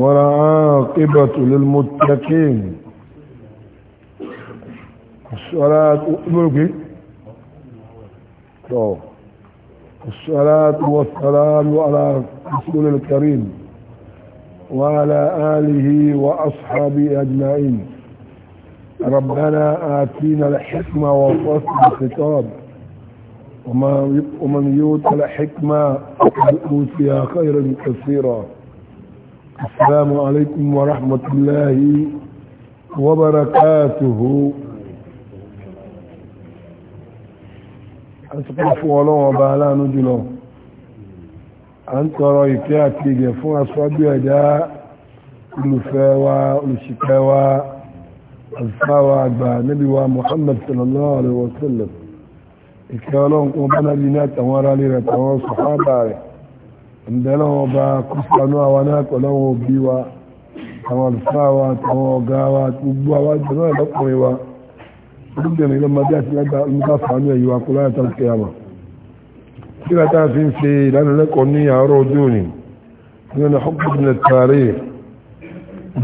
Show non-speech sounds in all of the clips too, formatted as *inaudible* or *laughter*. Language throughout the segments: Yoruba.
ولا عاقبة للمتقين الصلاة أمرك طيب. الصلاة والسلام على رسول الكريم وعلى آله وأصحابه أجمعين ربنا آتينا الحكمة وفصل الخطاب ومن يؤت الحكمة فقد أوتي خيرا كثيرا السلام عليكم ورحمة الله وبركاته أسقف ولو وبالا نجلو أنت رأيكي أتيجي فون أصحابي أداء olùfẹ́wà olùṣìkẹwà alfáwà àgbà níbi wa muhammad sallallahu alaihi wasallam ìkẹ́ ọlọ́run kún bá nábi ní àtàwọn ará lè rẹ̀ tàwọn sọ̀hábà rẹ̀ ìdẹ́lọ́ ọba kúrò àwọn anáàkọ̀lọ́wọ́ òbí wa àwọn àlùfáà wa àtàwọn ọ̀gá wa gbogbo àwọn àjọ̀nà ìlọ́kùnrin wa olùbẹ̀rẹ̀ ìlọ́mọdé àti lágbà nígbà fàánú ẹ̀yí wa kúláyà tó kẹ́ àmà kí wá tá a fi ń ṣe ìdánilẹ́kọ̀ọ́ ní àárọ̀ ọjọ́ òní nínú ọkọ̀ ìbìnrin tààrí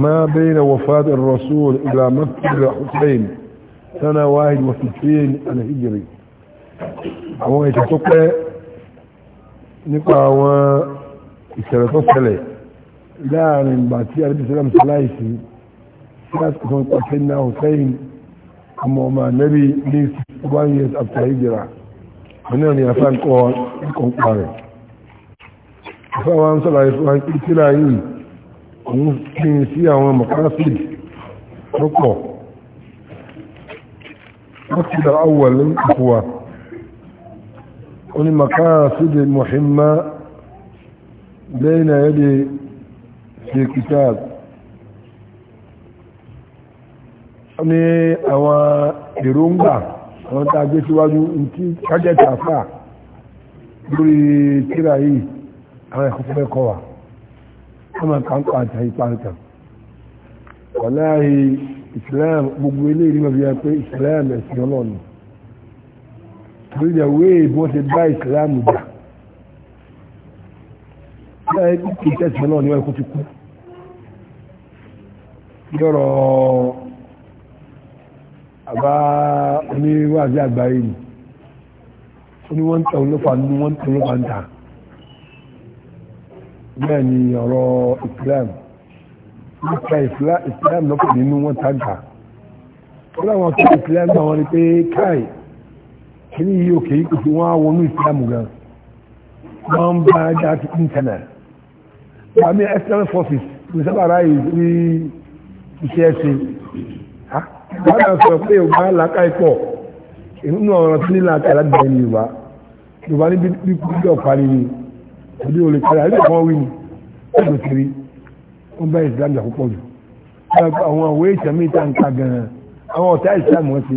ما بين وفاة الرسول إلى مكة حسين سنة واحد وستين الهجري àwọn ìtàtọ́pẹ́ nípa àwọn ìṣẹ̀lẹ̀ tó ṣẹlẹ̀ láàrin ìgbà tí alẹ́bíṣẹ́lẹ̀ mùsùláìsì sí àsìkò tó ń pàṣẹ ní hussein ọmọ ọmọ anẹ́bí ní one years after hijira wọn náà ni afá ń kọ́ ẹ̀kọ́ ń pa rẹ̀ afá wa ń sọ̀rọ̀ àìsàn wa kí tíra yìí òun kí n sí àwọn mọ̀káfíì tó pọ̀ wọ́n ti dà áwọ̀ lẹ́yìn ìfowópamọ́ ولمقاصد مهمة بين يدي في كتاب ní àwọn èròǹgbà àwọn tàà gbé síwájú tí kájẹ̀tà fà lórí tíra yìí àwọn ẹ̀kọ́fẹ́ kọ́ wà ọmọ kàńkà àti àìpáǹkà wàláhì Islam gbogbo ilé ìrìnàbíyà pé Islam ẹ̀sìn ọlọ́ọ̀nù torí the way wọ́n ti bá ìsìlámù jà láyé kí ìtẹ́sìmọ́ náà níwọ̀n ikú ti kú yọ́rọ̀ àbá oníwàbí àgbáyé ni oní wọ́n tẹ̀ olófà ní wọ́n tẹ̀ olófà ń ta bẹ́ẹ̀ ni ọ̀rọ̀ ìsìlámù nípa ìsìlámù lọ́pọ̀ nínú wọ́n ta ń ta ó láwọn ọ̀tọ̀ ìsìlámù àwọn ni pé káì kìíní yìí òkè yìí kòtò wọn wọnú ìsìlámù gan wọn bá dá ti ìntànà àmì external forces ìsábà ráyè rí iṣẹ́ ṣe wọn náà sọ pé ògbà làákà ìpọ̀ inú ọ̀rọ̀ tí ní làákà ìlàdìbẹ̀ ní yorùbá yorùbá níbi bí kúrò ọ̀pá ni òde òlè kárí àti ìfọwọ́ wí ni ẹgbẹ́ kiri wọn bá ìsìlámù jà púpọ̀ jù àwọn òwe ìtẹ̀mí ìta ń gan-an àwọn ọ̀tá ìsìlámù wọn ti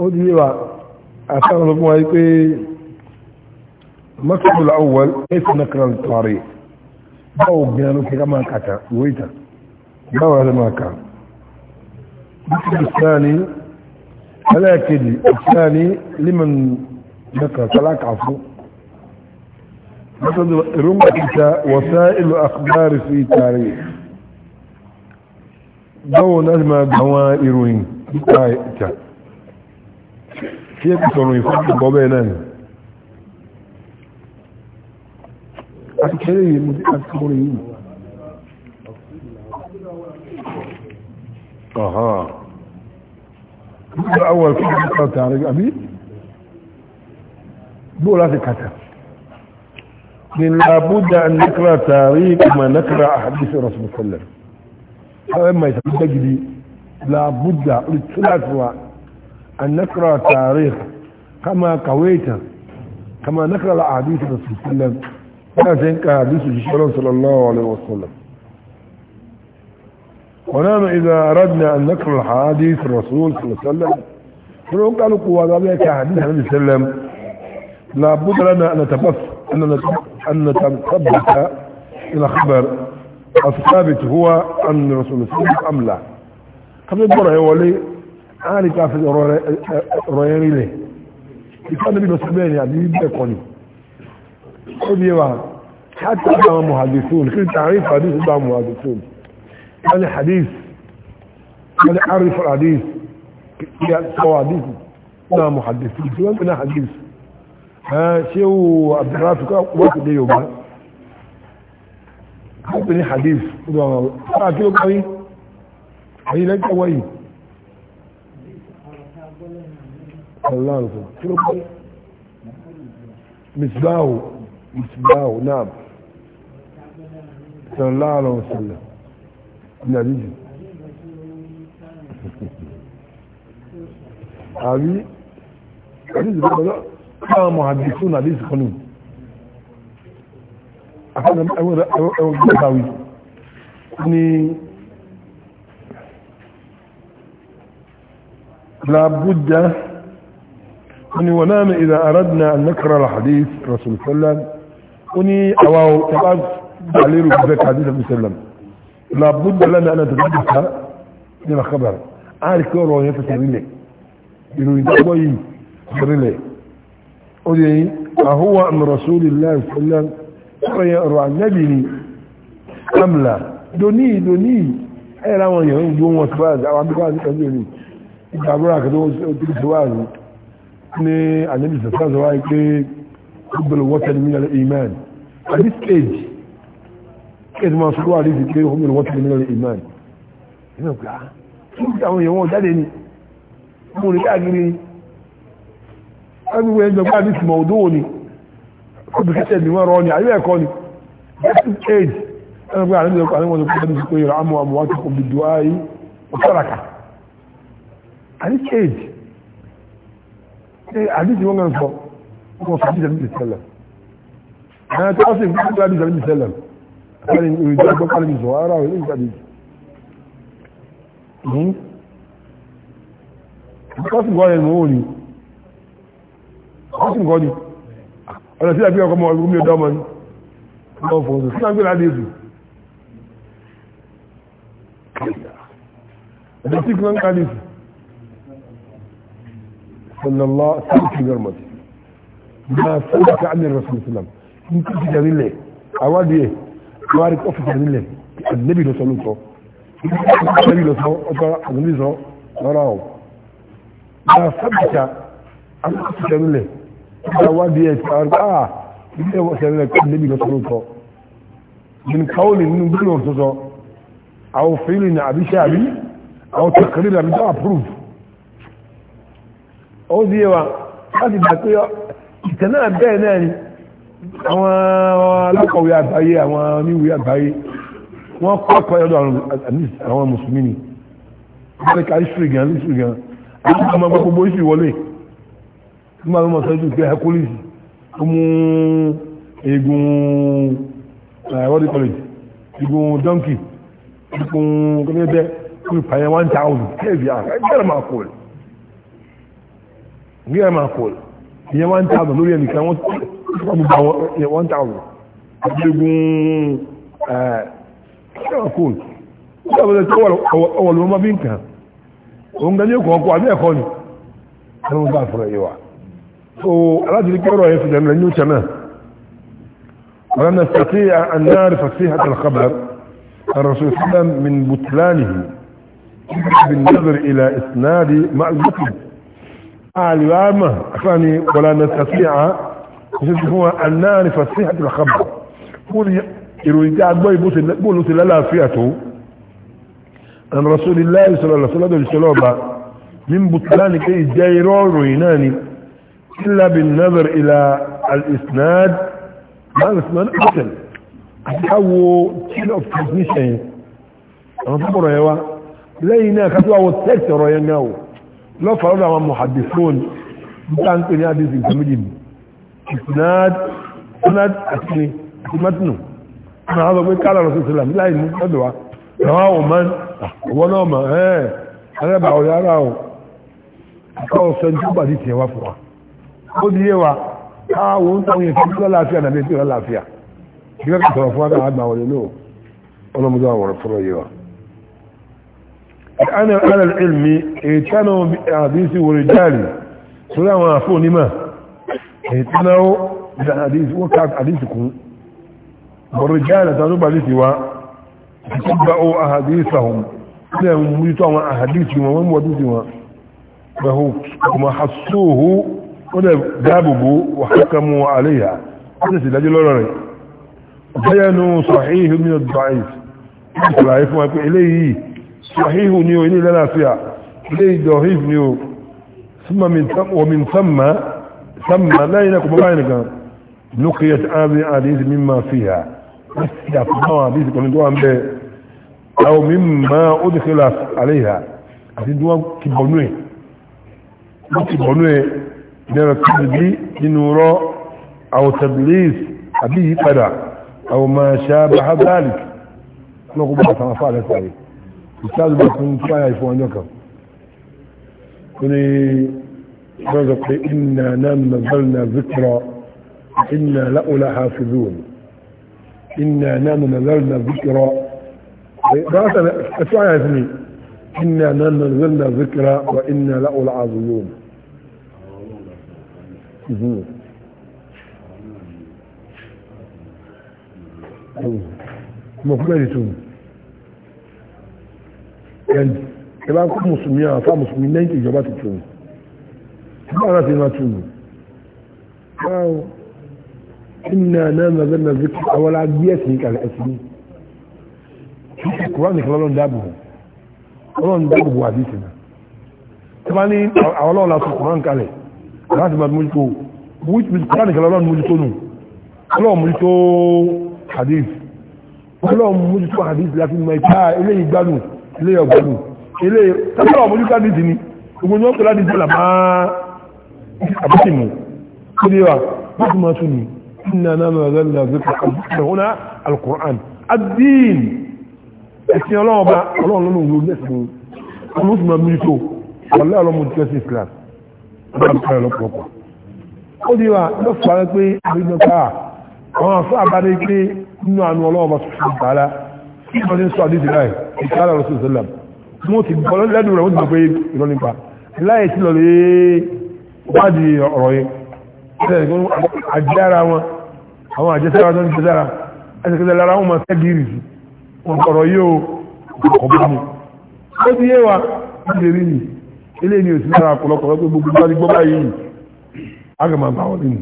ó di yíwa àtàrà ló fún wa pé mọ́sílùmí àwọn ẹ̀sìn náà kan tọ́rí báwo gbìyànjú ló kíkà máa kàtà ìwé ìtàn báwo la máa kà mọ́sílùmí sáni ẹlẹ́ẹ̀kejì sáni liman ذكر ثلاث عفو مثل رمتك وسائل أخبار في تاريخ دون أجمع دوائر تاريخ kí ẹkù sọ̀rọ̀ ìfọ́nà bọ́ bẹ́ẹ̀ náà ni àti kẹrẹ yìí mú àti kọrọ yìí ọ̀há nígbà awọ̀ kí ẹkù sọ̀rọ̀ tààrí àbí bóò láti kàtà من لابد أن نقرأ تاريخ ما نقرأ أحاديث الرسول صلى الله عليه وسلم فإما يتبقى لابد للثلاث واحد أن نقرأ التاريخ كما قويت كما نقرأ الأحاديث رسول الله صلى الله عليه وسلم لا تنكى حديث صلى الله عليه وسلم ونعم إذا أردنا أن نقرأ الحديث الرسول صلى الله عليه وسلم فلو قالوا قوة ذلك حديث النبي صلى الله عليه وسلم لابد لنا أن نتبث أن نتبص إلى خبر الثابت هو أن الرسول صلى الله عليه وسلم أم لا قبل البرع هو ليه àwọn ìta fi ọ̀rọ̀ ẹ̀rin rẹ̀ ìfẹ́ níbi lọ́sí bẹ́ẹ̀ ni àbí bẹ́ẹ̀ kọ́ ni ó bí wa ṣáàtì àwọn muhadithun kí ní tààrí fàdís bá muhadithun wọ́n ni hadith wọ́n ni arif hadith kí a sọ hadith náà muhadithun tí wọ́n pẹ̀lú hadith ṣe wọ́n ni hadith sallallahu alaihi wasallam kí ló pé misbahu misbahu náà sallallahu alaihi wasallam ní àdíjì àbí àdíjì tó kọjá káà mọ̀ àdíjì tó nà àdíjì kan nù àkànnà ẹwọ́n gbé kàwé ní làbújá ni wọ́n náà ìdá aradna nakara alhadis rasul sallam ó ní àwa ò tàbá balérò fẹ́ kàdí rasul sallam labudda lana ana tàbí ta ní la kabar a rí kí ọ̀rọ̀ yẹn fẹsẹ̀ rílẹ̀ ìròyìn dábọ̀ yìí rílẹ̀ ó di yẹn àhúwà àmì rasulillah sallam ọ̀rọ̀ yẹn ọ̀rọ̀ ànábì ni amla doni doni ẹ̀rọ àwọn yẹn ń gbó wọn síwájú àwọn abúlé wájú kan ní ìdàbúrò àkàtúwò tó ti síwájú ní anabi sassan zọwọ́ yìí pé gbogbo wọ́tẹ̀ ní mílíọ̀nù iman at this stage it máa go. wà lẹ́sìn pé gbogbo wọ́tẹ̀ ní mílíọ̀nù iman nínú pé ah kí àwọn èèyàn wọn jáde ni mo ní káàkiri ẹni wo ẹni gbà ní tìmọ̀ òdó ni kóbi kẹsẹ̀ ní wọ́n rọ ni àyè ẹ̀kọ́ ni at this stage ẹni pé àwọn èèyàn wọn kọ́ ẹni sọ pé àmọ́ àmọ́ wọn ti kọ́ bí duwa at this stage Eh, àdìsí wọn gan sọ wọn fàájì sẹ́lẹ̀ bìí sẹ́lẹ̀ àwọn tó sì fún ìgbà bìí sẹ́lẹ̀ bìí sẹ́lẹ̀ àtàrí ìrìnjẹ́ ọgbọ́n kálẹ̀ bìí sọ ara rẹ̀ nígbà bìí ní kọ́sì gọ́ ẹ̀mọ́ ò ní kọ́sì gọ́ ni ọ̀nà sí àbí ọkọ̀ mọ̀ ọ̀rọ̀ mi ẹ̀dẹ̀ tí kí wọ́n ń kálẹ̀ sí صلى الله عليه وسلم في جرمت ما سألك عن الرسول صلى الله عليه وسلم إن كنت جميل لي أواد إيه أوارك أوفي جميل لي النبي لو صلوته النبي لو صلوته النبي لو صلوته ما سألك عن الرسول جميل لي أواد إيه أوارك آه إيه وأسأل لك النبي لو صلوته من قول من بلور صلوته أو فعل أبي شعبي أو تقرير أبي ده أبروف ó di wa láti gbà pé ìtẹ̀ náà bẹ́ẹ̀ náà ni àwọn alákọ̀wé àgbáyé àwọn oníwèé àgbáyé wọ́n kọ́ ọ̀pọ̀ ẹ̀dọ̀ àwọn mùsùlùmí ni wọ́n ká history gan history gan àwọn ọmọ ọgbà gbogbo history wọlé wọ́n máa ń mọ̀ sọ́jú pé hercules ó mú egun eh, what do you call it egun donkey egun kọ́mẹ́tẹ́ kúrò pààyàn one thousand kẹ́ẹ̀fì àgbẹ̀rẹ̀ máa kọ̀ rẹ̀ bí ẹ máa kọ̀ ìyẹn one thousand lórí ẹnìkan wọ́n ti fọ́ gbogbo àwọn one thousand àgbégun ẹ̀ẹ́dẹ́gbẹ̀kùn ó dàbọ̀lẹ̀ tó ọwọ́ ló máa bí nǹkan òun gan ní òkú ọkọ̀ àbí ẹ̀kọ́ ni ẹ̀rọ ń bá fọ̀rọ̀ yìí wá so aláàtìrí kí ọ̀rọ̀ yẹn fi dẹ̀nu lẹ́yìn oúnjẹ náà ọ̀rọ̀ náà fàtí àná rẹ̀ fàtí àtàlùkàbàr الرسول صلى الله عليه وسلم من بطلانه بالنظر إلى إسناد مع المسلم العامة أخواني ولا نستطيع نشوفوا أن نعرف صحة الخبر قول يرويد أبوي بولو تلالا فياته أن رسول الله صلى الله عليه وسلم من بطلان كي جايرون رويناني إلا بالنظر إلى الإسناد ما الإسناد أصل أتحوه تيل أوف ترانسميشن أنا طبعا يوا لينا خطوة والتكتر يناوه lọ́fà lọ́dọ̀ àwọn muhaddithun níta ń pè ní àdìsí ìgbàmíjì ní ìsinad àti mẹ́tìnù ọ̀nà àwọn ọgbẹ́ kálà rọ̀ sísè làm láì ní lọ́dọ̀ wa àwọn àwọn ọmọ ọwọ́ náà mọ̀ ẹ́ arẹ́bà ọ̀rẹ́ ara ọ̀ kọ́ ọ̀sẹ̀ ní ọgbà dìtì ẹwà fún wa ó di yé wa káwọn ọ̀rọ̀ fọ́lọ́ yé ana ala ilmi ètànà àdísí wòrìjáàlì tó láwọn àfò onímà ètànà ó ká àdísí kún wòrìjáàlì tàbí bàdísí wá tó bá ó àdísí ahùn tí a mú tó àwọn àdísí wọn wọ́n wọ́dísí wọn bẹ̀hù kùmà hasóhù ó dẹ̀ dáàbòbò wà haka mú àléyà ó dẹ̀ sì dájú lọ́rọ̀ rẹ̀ bẹ́yẹnu sọ̀hí sahihu ni o ilé lálàáfíà ilé ìdọ̀hif ni o ومن ثم ثم لا ينكم بعينك نقيت هذه الحديث مما فيها استثنوا حديث كنت دوام به او مما ادخل عليها حديث دوام كبنوه كبنوه دير التبدي لنورا او تدليس ابيه قدا او ما شابه ذلك نقوم بحث ما فعلت عليه ìsáàlù bá fún fáyà ìfún ọjọ́ kan ó ní lọ́zọ̀ pé iná náà nàzọ́nà zikra iná láòlá hafizun iná náà nàzọ́nà zikra fáyà ìfún mi iná náà nàzọ́nà zikra wa iná láòlá hafizun mo fún ẹ̀rì tuntun ẹni ẹ bá kó mùsùlùmí àwọn afá mùsùlùmí lẹ́yìn tí ìjọba ti tù ní báwọn láti máa tù ní báwọn ìnà náà náà náà fi kí àwọn alágbé ẹ̀sìn kàlẹ̀ ẹ̀sìn kí ṣe kúrò nìkan lọ́lọ́run dáàbò ọlọ́run dáàbò bò àdìsí náà tí wọ́n ní àwọn ọlọ́run láti kúrò nìkan lẹ̀ láti máa mójútó which means kúrò nìkan lọ́lọ́run mójútó nù ọlọ́run mójútó àdìsí ọlọ́run mójútó àdìsí láti mọ ìta eléyìí gbádùn ilé ọ̀gbọ̀nù ilé tẹ́lẹ̀ ọ̀mọ́júká dìdì ni gbogbo ní ọ̀pẹ̀lá dìdì là máa àbúkì mú ó dé wa wọ́n ti máa tún ní iná náà náà rẹ̀ náà zẹ́kọ̀ àbúkìrún alukur'an adín ẹ̀sìn ọlọ́run ọba ọlọ́run lọ́nà òun lẹ́sìn ọmọ oṣù máa mílítò wàlẹ́ ọlọ́mọ ojú ẹ̀sìn islam kí ìmọ̀ ní sọ àdéhùn láì ìkàrà rọ̀ sọ̀rọ̀ sọ̀lá mo ti gbọ́ lẹ́nu rẹ̀ wọ́n ti mọ̀ pé ìrọ̀ nípa láì sí lọ lè wádìí ọ̀rọ̀ yẹn àjára wọn àwọn àjẹsára tó ń jẹsára ẹsẹ̀kẹsẹ̀ lára wọn máa tẹ́gìrì sí wọn kọ̀rọ̀ yóò ọ̀bá mu ó ti yé wa lè rí ni ilé ni òsì lára ọ̀pọ̀lọpọ̀ pé gbogbo bá ti gbọ́ báyìí agàmà bá wọn nínú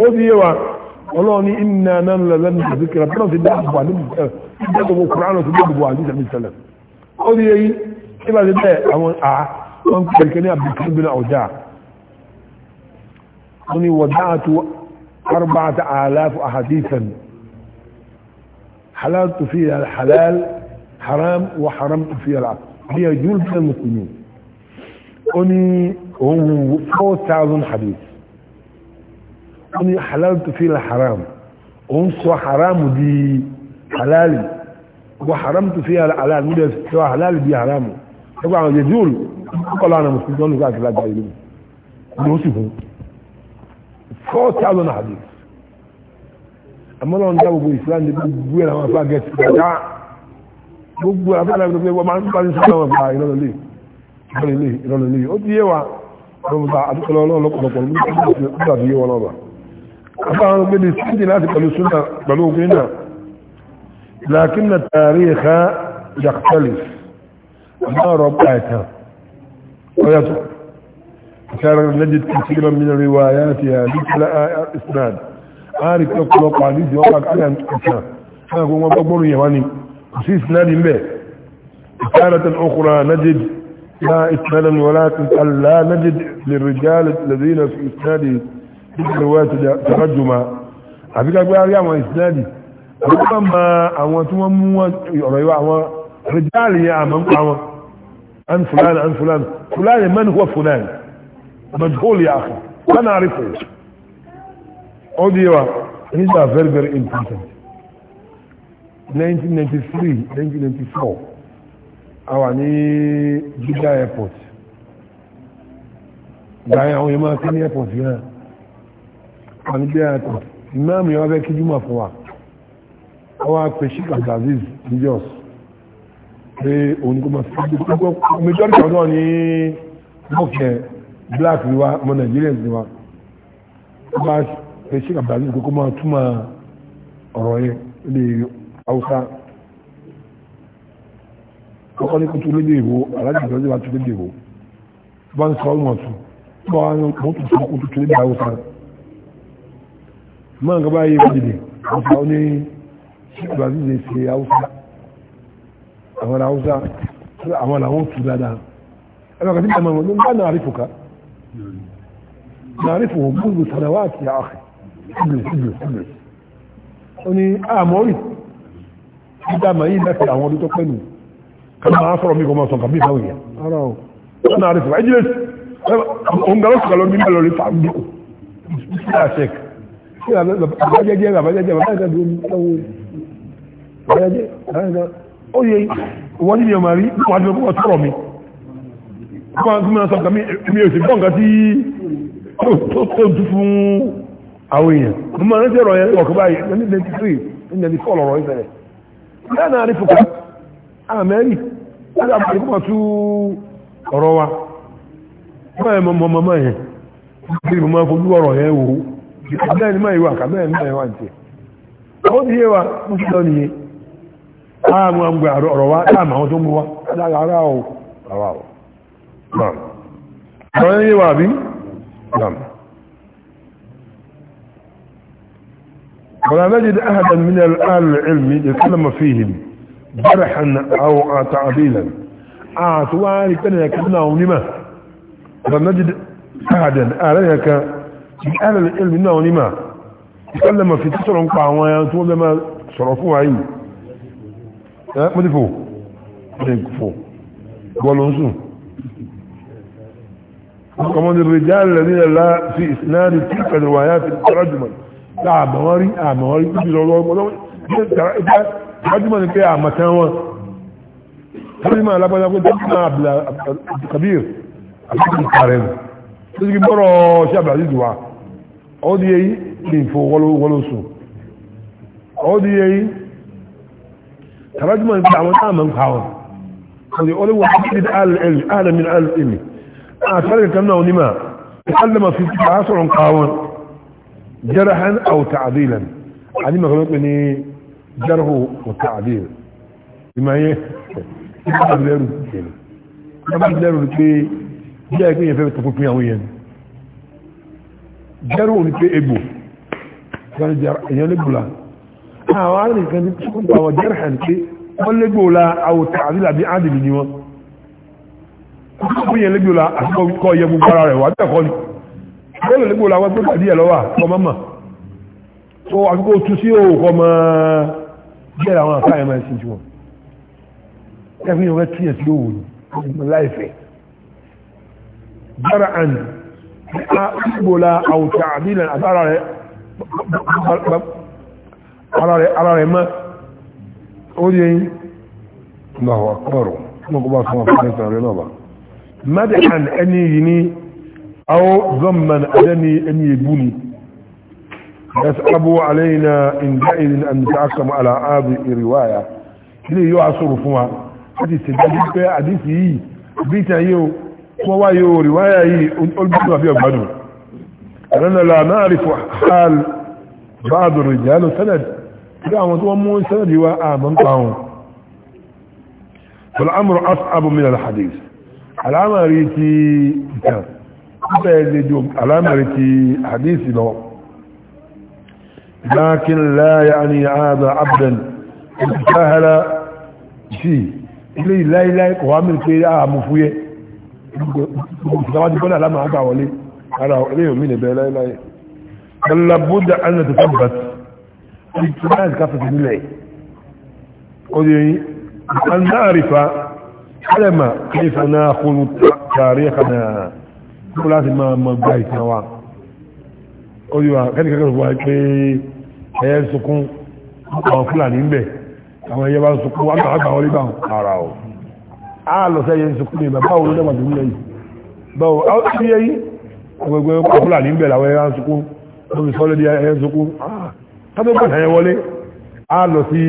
ó ti yé wa ọlọ́run ní ìnà náà lọ́lọ́run dá àbọ̀ gbogbo kùránù tó gbogbo àdúgbò àmì sẹlẹ̀ ó ní èyí tí bá ti bẹ́ẹ̀ àwọn a wọn kẹ̀kẹ́ ní àbíkú bí náà ọjà ó ní wọ̀dá àti arba'ata àlàfù àhàdìsàn halal tó fi halal haram wa haram tó fi yàrá bí i jùlọ bí i mùsùlùmí ó ní òun wù 4,000 hadith ó ní halal tó fi haram òun sọ haram di halali wa haramtu fiha halal mo dẹ̀ sọ haramu ẹgbẹ́ àwọn yẹjúùl kọ́kọ́ lánàá na tó ń lu káàkiri àgbáyé lónìí ni ó sì fún four thousand hadith àmọ́nà ń dá wa لكن التاريخ يختلف ما ربعتها ويترك كان نجد كثيرا من رواياتها لكلا اسناد عارف يقول قاديس يوقع على الكتاب انا كنت بقول يواني في اسناد به رسالة اخرى نجد لا اسنادا ولكن لا نجد للرجال الذين في اسناده في الرواية ترجما أفكار فكرة يا ما اسنادي àwọn tó bá ma àwọn tí wọ́n mú ọ̀rọ̀ yìí àwọn rìjáàlì yẹn àmọ́ ń pa wọn an fulani an fulani fulani man huwa fulani majhul ya akhi la na'rifu ó di wa these are very very important 1993 1994 àwa ní Jeddah airport gbàyà àwọn yẹn máa kí ní airport yẹn àwọn ní Jeddah airport ìmáàmù yẹn wá fẹ́ kí jùmọ̀ fún wa àwọn apèsí kàgàziz níjọ́s pé òun kò mọ̀ sí gbogbo majority ọ̀dọ́ ní mọ̀kẹ́ black ni wa ọmọ Nigerians ni wa ó bá apèsí kàgàziz kókó máa túmọ̀ ọ̀rọ̀ yẹn lè Hausa kọ́kọ́ ní kó tún lédè ìwò alájùmọ̀ lọ́jọ́ bá tún lédè ìwò tó bá ń sọ ọmọ tún tó bá wọn kò tún sọ kó tún lédè Hausa mọ́ nǹkan báyìí wọ́n dìde wọ́n sọ ní ìgbàzíze ṣe haúsá àwọn haúsá àwọn àwọn òtù dáadáa ẹgbẹ̀kọ̀ tí ìjọmọ̀ ní bá náà rífò ká náà rífò gbogbo sàdáwà àti àkì síbìlì síbìlì síbìlì ó ní àmọ́rì ìdámà yìí láti àwọn ọdún tó pẹ́ nù kọ́nà máa sọ̀rọ̀ mi kọ́ máa sọ kàbí ìfẹ́ òyìn ara ọ̀ náà rífò ẹjílẹ̀ òun gàlọ́ sọ̀kàlọ́ bí mẹ́lọ rí fàájú sí àṣẹ ẹ̀ẹ́dẹ́ ẹ̀ẹ́dẹ́ ó wọ́n nílẹ̀ ọmọ rí wọ́n ti fẹ́ tọrọ mi wọ́n ti mi ò sì gbọ́ tí ó tó tú fún àwọn èèyàn mo máa rántí ọ̀rọ̀ yẹn wọ̀kọ́ báyìí ní twenty ìfẹ̀rẹ̀ àmẹ́rì tú ọ̀rọ̀ wa ààmù àmgbà ọ̀rọ̀ wá àwọn tó mú wá lára ọ̀ ọ̀ bí ولا نجد أحدا من الآل العلم يتكلم فيهم جرحا أو تعديلا أعطواني كان يكتنا ونما ولا نجد أحدا آلهك من أهل العلم نما يتكلم في تسرع قاوايا ثم لما صرفوها عيه ẹ́ mo ti fò mo ti fò bọ́ọ̀lù ń sùn ọmọdé rìjáàlì rẹ̀ nílẹ̀ lá fi ìsináàdì tí pẹ̀lú wáyá ti tọ́júmọ̀ láàmọ́rí àmọ́rí tó ti lọ lọ́wọ́ ọmọdé tọ́júmọ̀ ni pé àmọ̀tán wọn tọ́júmọ̀ alábọ́dá pé tọ́júmọ̀ Abdulkabir àti ìkàrẹ̀ nù tó ti gbọ́rọ̀ ṣe Abdulaziz wa ní ìfowọ́lọ́sùn ọ́ di tarajuma da àwọn ta man kawo sai ole wa hadid al ilmi ala min al ilmi a tarika kan nawo nima kallama fi ta'asrun kawo jarhan aw ta'dilan ani ma gano ni jarhu wa ta'dil bima ye ableru kene ableru pe je ke yen àwọn arìnrìn ní tí wọ́n pàwọ̀ jẹ́rìhàn pé wọ́n légbòla àwòtà àdílà bí ádìlì ni wọ́n kúnyẹ̀ légbòla àtúkọ́ yẹ gbogbo ara rẹ̀ wà tẹ́kọ́ ni wọ́n lè légbòla wọ́n tó tàbí ẹ̀ lọ́wà kọmọ́mà tó àkókò tú sí òkọ mọ́ jẹ́rẹ̀ àwọn àkáyẹ máa ṣe jù wọ́n ara rẹ̀ mọ́ ó rí ẹyìn lọ́wọ́ akọ́rọ̀ mọ́ kó bá fún ọkùnrin ìtàn rẹ̀ lọ́wọ́ mẹ́dẹ̀kàn ẹni yìí ní awó zọ́mọ̀n adẹ́ni ẹni ìbú ni يسأبوا علينا إن جائز أن نتعكم على هذه الرواية ilé yóò asòrò fún wa láti ṣèdájú pé àdísì yìí bí ìtàn yìí ó wọ́n wá yóò rí wáyà yìí olùdókòwò àfi ọ̀gbádùn ẹ̀rọ náà náà rí fún hàl báàdùn ìjálù sẹ́nẹ̀dì bí àwọn tó wọ́n mú sẹ́nàdì wá àmọ́ ń pa wọn pẹ̀lú amúrò asàbò mi nàlá hadith alámàrí ti ìtàn púpẹ̀ lè jò alámàrí ti hadith lọ lákin láyé àní àádọ́ abdul ìtàhálà sí ilé ìláìláì kò mìí pé àmú fúyẹ́ ìtàwájú bọ́lá alámà àgbà wọlé لابد أن تثبت ìtìláàdì káfẹ́sì nílẹ̀ òdìrí anáàrífà alẹ́mà kífà náà kúrú tààrí ẹ̀kànà kúrú láti máa mọ gbá ìtàn wa òdìwà kẹ́nìkẹ́kẹ́ wà pé ẹ̀yẹ sọkún àwọn fúlàní ń bẹ̀ àwọn ẹ̀yẹ bá sọkún wà náà àgbà wọlé báwọn ara ọ̀ á lọ sí ẹ̀yẹ sọkún ní bàbá òun lẹ́wà tó ń lẹ́yìn báwo á sí ẹ̀yìn ọgbẹ̀gbẹ̀ fúlàní ń bẹ̀ làwọn ẹ̀yẹ sọkún tọ́bí bọ́ta yẹn wọlé a lọ sí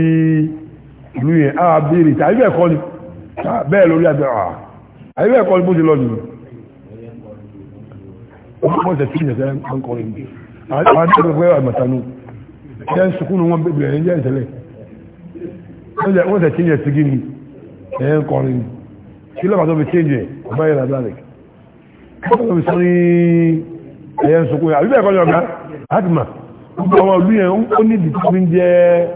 ìlú yẹn a bèèrè tí ẹ̀kọ́ ni bẹ́ẹ̀ lórí àbẹ̀ àyíbẹ̀ ẹ̀kọ́ ni bó ti lọ nìyí àwọn àdúgbò àmàtánú ẹ̀yẹ ń sukúnù àbíbẹ̀ ẹ̀kọ́ ni ọ̀gá àtìmá gbogbo àwọn ìlú yẹn ó ní ìdí tí ń jẹ́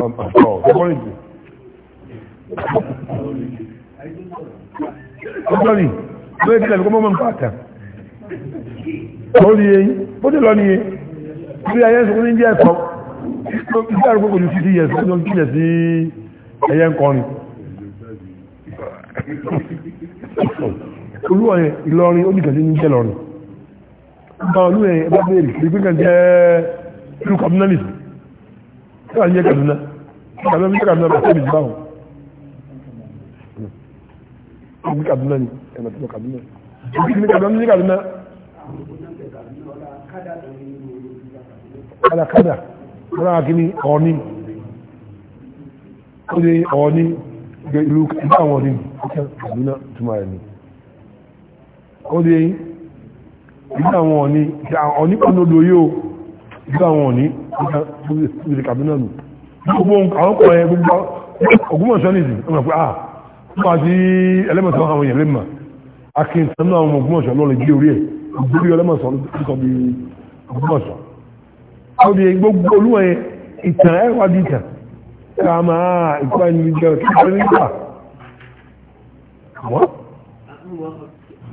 ọ̀pọ̀lọpọ̀ um, ọjọ́ni ló ẹgbẹ́ ẹ̀lú kọ́mọ́mọ́ nǹkan àtà lórí eyín bó ti lọ nìyẹn bí ayé ẹ̀sùn ní jẹ́ ẹ̀kọ́ ìgbà àrùkò kò ju títí yẹ̀ sí ọjọ́ kílẹ̀ sí ẹ̀yẹ ńkọrin olúwa yẹn Ìlọrin ó nìkan sí ní jẹ́ lọrin nǹkan olú ẹ̀ bá bèèrè ìpín kan jẹ́ ìlú kaduna nìsí tí wà ní jẹ́ kaduna kaduna bí kaduna bá tẹ́lẹ̀ jù báwọn ìpín kaduna ni ẹ̀nà tó kaduna ìpín kaduna ní kaduna kádàkádà ọ̀rọ̀ akíní ọ̀ọ́ni ó lè ọ̀ọ́ni ìlú àwọn ọ̀ọ́ni kaduna túmọ̀ ẹ̀ ni ó lè yìí ìgbà àwọn ọ̀ní ọ̀ní kan ló lóyè o ìgbà àwọn ọ̀ní ìgbà kàbínà nù gbogbo àwọn kan yẹn gbogbo Ògbómọ̀ṣọ́ nìyí wọn mọ̀ pé ah wọn bá ti ẹlẹ́mọ̀ṣọ́ àwọn èèyàn lẹ́mọ̀ akin sanu àwọn Ògbómọ̀ṣọ́ lọ́ọ́ lè gbé orí ẹ̀ gbórí ẹlẹ́mọ̀ṣọ́ lọ́ọ́ bí Ògbómọ̀ṣọ́ àwọn èèyàn gbogbo olúwa yẹn ìtàn ẹ̀ wá di ìtàn ká máa ìkọ́ ẹni jẹ́ kí wọ́n ní ìgbà wọ́n.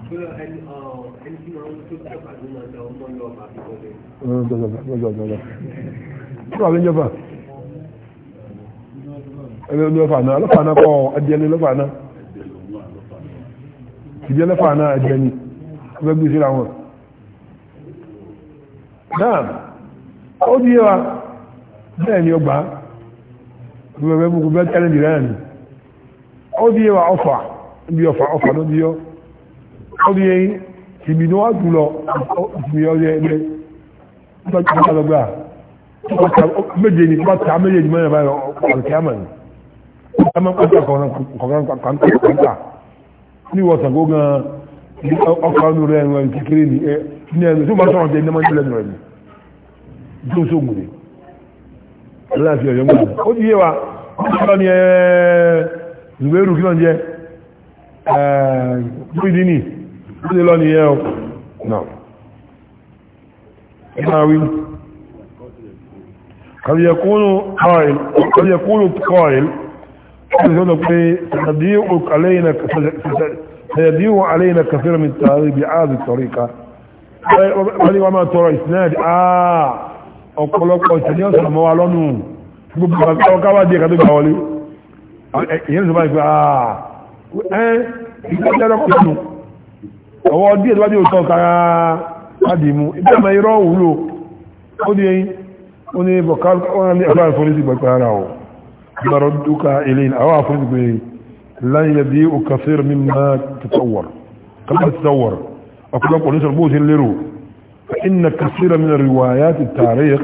Ọlọ́run jọba. Ẹni lọ́fà náà, lọ́fà náà kọ́ ẹdí ẹni lọ́fà náà. Ìjẹ́ lọ́fà náà ẹdí ẹni, ọgbẹ́ gbé síra wọn. Náà, ó di wa, bẹ́ẹ̀ ni ọgbà, ọgbẹ́ mú kú bẹ́ẹ̀ tẹ́lẹ̀ dì rẹ̀ ni. Ó di wa ọfà, ibi ọfà ọfà ló di yọ ọdún yẹn ìmì ni wọ́n jù lọ ìmì ọdún yẹn lẹ́ ìgbàgbà méje ni bá ta méje ni mẹ́rin báyọ̀ alùkẹ́mà ni wọ́n máa ń pàṣẹ kọ̀ọ̀kan kọ̀ọ̀kan ní wọ́sàn kó gan ọkọ̀ ọdún rẹ̀ ń kékeré ni ẹ ní ẹnu tó máa sọ̀rọ̀ jẹ́ ní ọmọdé lẹ́nu rẹ̀ ni tó sóògùn ni aláàfin ọ̀yọ́ mọ̀ ó ti yé wa ọ̀ṣọ́ ni ẹ̀ẹ́ ní lọ ní yẹ́ náà ìgbàwí kàríyàkúrò kọ́ìl ọdún sọ́nà pé sàdíwò aléìnà kàfíra mi tààrí bí áàzì tọ́ríka wọ́n wá máa tọrọ ìsináàdì àà ọ̀pọ̀lọpọ̀ ìsẹ̀lẹ̀ ọ̀sán mọ́wá lọ́nù gbogbo ọkọ̀wádìí ẹ̀kà tó gbà wọlé ìyẹn ìsọ́bá ìgbà àà ọwọ́ díẹ̀ tó bá jẹ́ òtọ́ kára ádìmú ibi àmà irọ́ òwúlò ó ní ẹyìn ó ní ọ̀rọ̀ àfọ́nísì pẹ̀pẹ̀ ara ọ̀ lọ́rọ̀ dúkà ilé àwọn àfọ́nísì pé láyé bí ó kàfẹ́rẹ̀ mímọ́ títọ́wọ̀r ọ̀pọ̀lọpọ̀ ní sọ̀rọ̀ bó ṣe lérò فإن كثير من الروايات التاريخ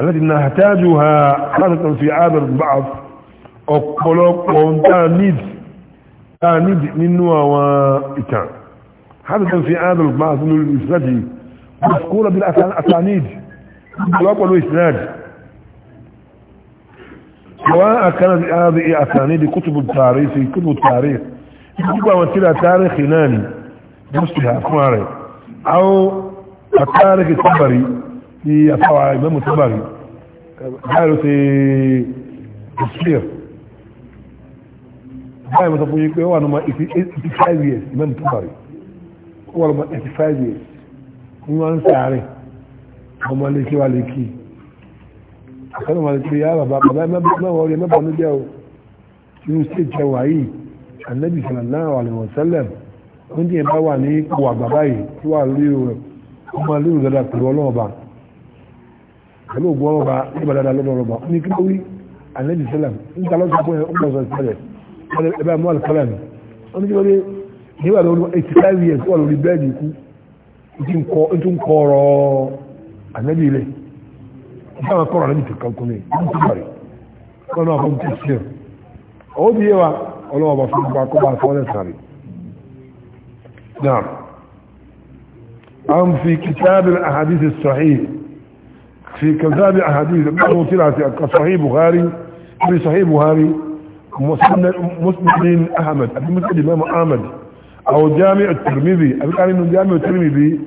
التي نحتاجها خاصة في هذا البعض أقلق وانتا نيد نيد منها وإتان حدثا في هذا مع من الإسناد مذكورة بالأسانيد بالأقوى الإسناد سواء كانت هذه أسانيد كتب التاريخ كتب التاريخ كتب وانتلا تاريخ يناني نفسها أسماري أو التاريخ التبري في أسوأ إمام التبري قالوا في السير قالوا في السير قالوا في السير إمام التبري wọ́n ọmọ 85 years ní wọ́n ń sàárẹ̀ ọmọ lékí wà lékí àkọ́nà wà lékí yá bàbá bàbá mẹ́wàá orí mẹ́bàá ló jẹ́ o inú sí ìjẹ wà yìí ànábì sallallahu alaihi wasallam ó ní ẹ̀bá wà ní ipò àgbàbá yìí tó wà lórí rẹ̀ ọmọ lórí dada pẹ̀lú ọlọ́ọ̀ba pẹ̀lú ògùn ọlọ́ọ̀ba nígbà dada lọ́dọ̀ ọlọ́ọ̀ba ó ní kí ló wí ànábì sallam ń ta lọ́sọ̀ọ́ nígbà tó wọ́n 85 years wọ́n lórí bẹ́ẹ̀dì ikú tó ń kọ́rọ̀ ànábì ilẹ̀ ìdáwọn kọ́rọ̀ ànábì tó kankun ní ìtúbàrí wọ́n náà fún tó ṣe ọwọ́ bí yẹwa ọlọ́wọ́ bá fún ọgbà kọ́bà fọ́lẹ̀ sàrí náà an fi kìtàbí àhàdìsì sahih fi kìtàbí àhàdìsì mẹ́rin tí láti sahih buhari fi sahih buhari muslim ahmed àti muslim imam ahmed او جامع الترمذي ابي قال انه جامع الترمذي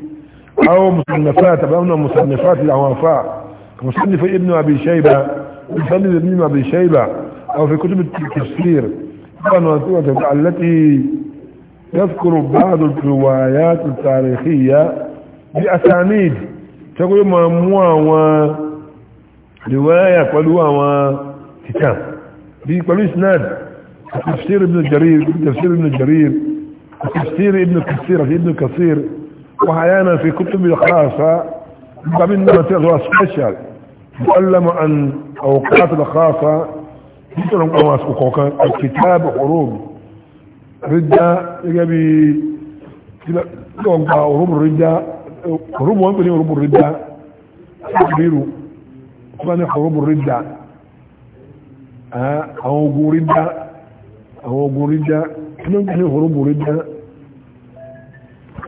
او مصنفات او مصنفات الاوفاء مصنف ابن ابي شيبه مصنف ابن ابي شيبه او في كتب التفسير التي يذكر بعض الروايات التاريخية بأسانيد تقول ما موا رواية قالوا كتاب بقالوا إسناد تفسير ابن الجرير تفسير ابن الجرير كثير ابن كثير في ابن كثير وحيانا في كتب خاصة قبل ما تغوى سبيشال تكلم عن أوقات الخاصة يتلهم قواس وقوكان الكتاب حروب ردة يجبي حروب الرجاء حروب وين بني حروب الرجاء تكبيرو وانبني حروب الرجاء ها أو قوردة أو قوردة kílódé ní òróbòrò jẹ́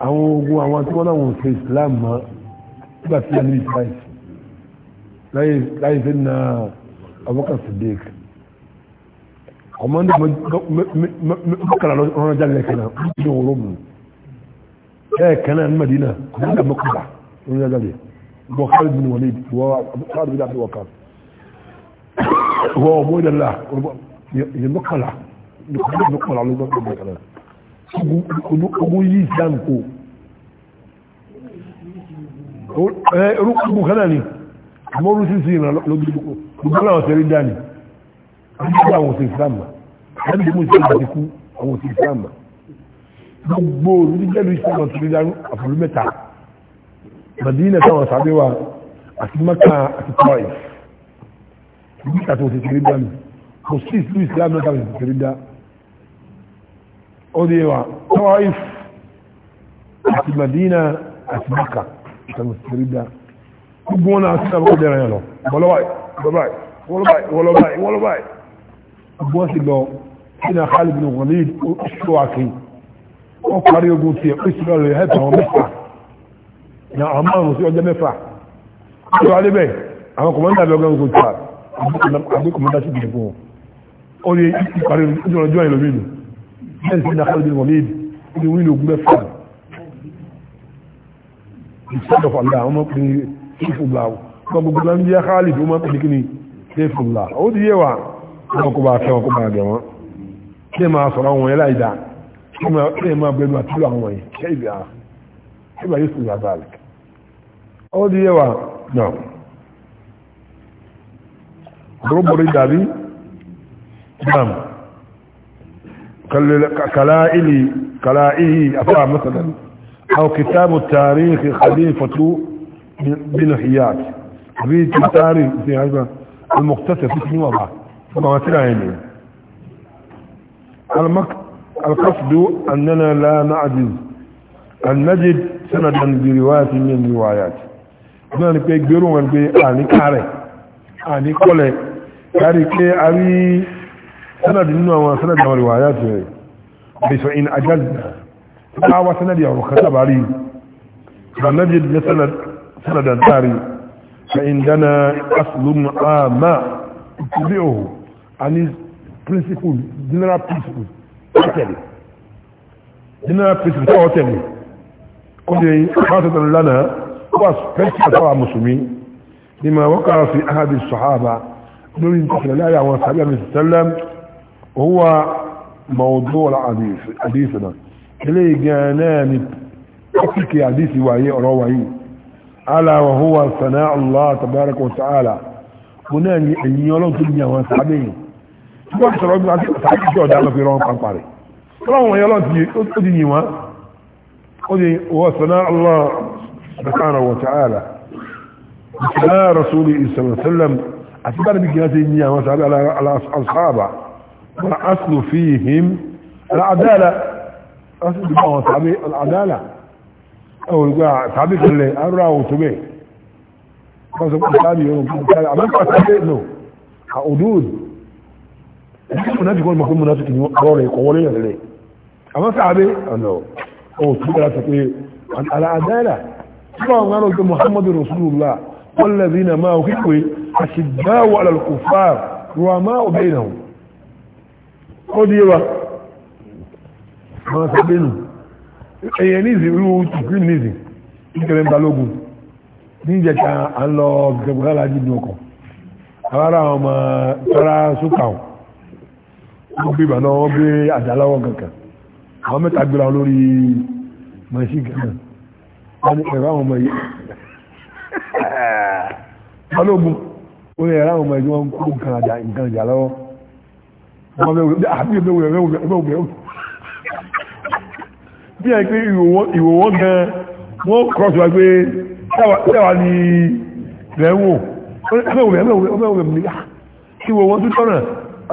àwọn ogun àwọn tí wọ́n láwọn òfin Islam mọ́ nígbà tí wọ́n ní Christ láyé fẹ́ na Abubakar Siddiq ọmọdé mọ́kànlá rọ́nà jáde lẹ́kẹ̀ẹ́ náà ní òróbò lẹ́ẹ̀kẹ́ náà ní Madina ọmọdé mọ́kànlá rọ́nà jáde bọ́ Khalid bin Walid wọ́n ọmọdé lá ìyẹn mọ́kànlá ló kàn lálọ́ gbọ́dọ̀ gbọ́dọ̀ kan náà ogun yí islam kó orúkú kan náà ni àmọ́ orú sí sí ìran ló gbé gbogbo gbogbo àwọn ọ̀sẹ̀ rí dání gbogbo àwọn ọ̀sẹ̀ islam mà láti mú islam àti kú àwọn ọ̀sẹ̀ islam mà gbogbo olú ti jẹ́lu islam àti rí dání àfọlú mẹ́ta Madina táwọn sábẹ́ wa àti Maka àti Taif nígbà tó ti ti rí dání kò sí ìlú islam náà táwọn ti ti rí dání أوديوا طوائف في المدينة أسبقة كمستردة يبونا أسبقة قدر يلو ولا باي ولا باي ولا باي ولا باي ولا باي أبوان سيبو هنا خالد بن غليل وشواكي وقاري وقوتي اسرع له هتا ومسع نا أمان وسيع جمفع قالوا علي بي أما كمان نبي أقول كتار أبوكم نبي أقول كتار أولي قاري وقوتي اسرع له هتا ومسع bẹ́ẹ̀ sí na khalid walid ní wílò gúnlẹ̀ fún ìsọ́dọ̀ fàlá ọmọ pín ṣífùlá gbogbo lambia khalid ọmọ pín kí ni ṣífùlá ó di yẹwà wọn kò bá fẹ́ wọn kò bá gẹ̀ wọn kí ma sọ̀rọ̀ àwọn yẹn láìda kí ma bẹ̀rù àtúrò àwọn yẹn kí ibi a kí bá ó di yẹwà náà gbogbo rí كلائلي كلائه أفرع مثلا أو كتاب التاريخ خليفة بن حيات في التاريخ في هذا المختصر في سنة وضع ما يعني المك... القصد أننا لا نعجز أن نجد سندا برواية من الروايات náà ni pé gbérùn wọn gbé àníkà rẹ̀ sanad nínú àwọn sanad àwọn ìwàyà tó rẹ̀ bẹ̀sọ̀ in ajazna ta wa sanad yawon kasa bari ba na jid na sanadar tsari ka indana asulun ama kudi ohu ani principle general principle hotel general principle ta hotel kudi fasatar lana wa special tawa musulmi lima waka fi ahadin sahaba lórí nítorí láyé àwọn sàbí àmì هو موضوع الحديث حديثنا إليه جانان أفكي حديثي وعي روعي ألا وهو ثناء الله تبارك وتعالى هنا أن يولو تبني وسعبين تبقى سرعب عن سعبين شو دعنا في روان قنطاري روان يولو تبني وسعبين وثناء الله سبحانه وتعالى على رسوله صلى الله عليه وسلم أتبار بكي هذه النية على أصحابه والأصل فيهم العدالة أصل بقى صعبي العدالة أو يقول صعبي قال لي أرى وتبه قصة قصابي يقول قصابي عمل قصابي إنه حدود منافق ولا مكون منافق إنه قولي قولي لي أما صعبي أنه أو تبه لا تقول العدالة كما قالوا محمد رسول الله والذين ما وكيكوي أشداء على الكفار وما بينهم ó di wa àwọn sábẹ́ nù ẹ̀yẹ ní ìsìn irú supreme ní ìsìn nítorí ń balógun ní ìjẹta à ń lọ gẹ̀gùrálà jí dùn ọkọ̀ àwọn àwọn ọmọ tọ́ra súkà ọ̀ wọ́n gbé ìbànú wọ́n gbé àdáláwọ̀ kankan àwọn mẹ́ta gbéra lórí mọ̀ọ́sí gánà wọ́n ní ẹ̀rọ àwọn ọmọ yìí balógun ó ní ẹ̀rọ àwọn ọmọ yìí wọ́n kó nǹkan àjà lọ́wọ́ bí i pé ìwòwọ́ gan wọ́n cross wá pé tẹ́wà ní rẹ̀wò ọmọ ní kí wọ́n tún tọ́nà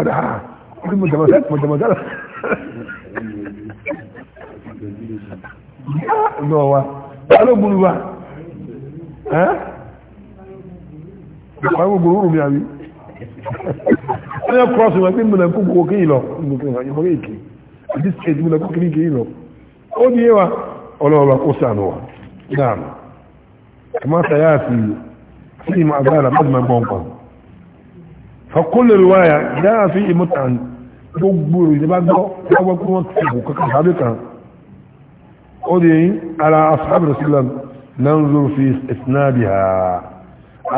ọ̀dá ọdún mọ̀jọ̀mọ̀sára *laughs* lọ́wà alógbùnúwà ẹ́ ọ̀pọ̀ gbogbo orúmi àrí ẹ̀yọ́ kọ́ọ̀sì wọn pé múlẹ̀ kó gbogbo kéyìí lọ gbogbo kéyìí àti ṣèjì múlẹ̀ kó kéyìí kéyìí lọ ó ní wa ọlọ́ọ̀lọ́ kó sànù wa dáàmù kàmá sàyà àti sí ìmọ̀ àgbáyà lábàdì máa gbọ́n kan fàkólè rìwáyà dáhà sí ìmọ̀ tàn gbogbo ìjọba gbọ́ gbọ́ kí wọ́n ti bù kankan sábẹ́ kan ó di ara asábìrì sílẹ̀ náà ń lò fi ìsinádìí ha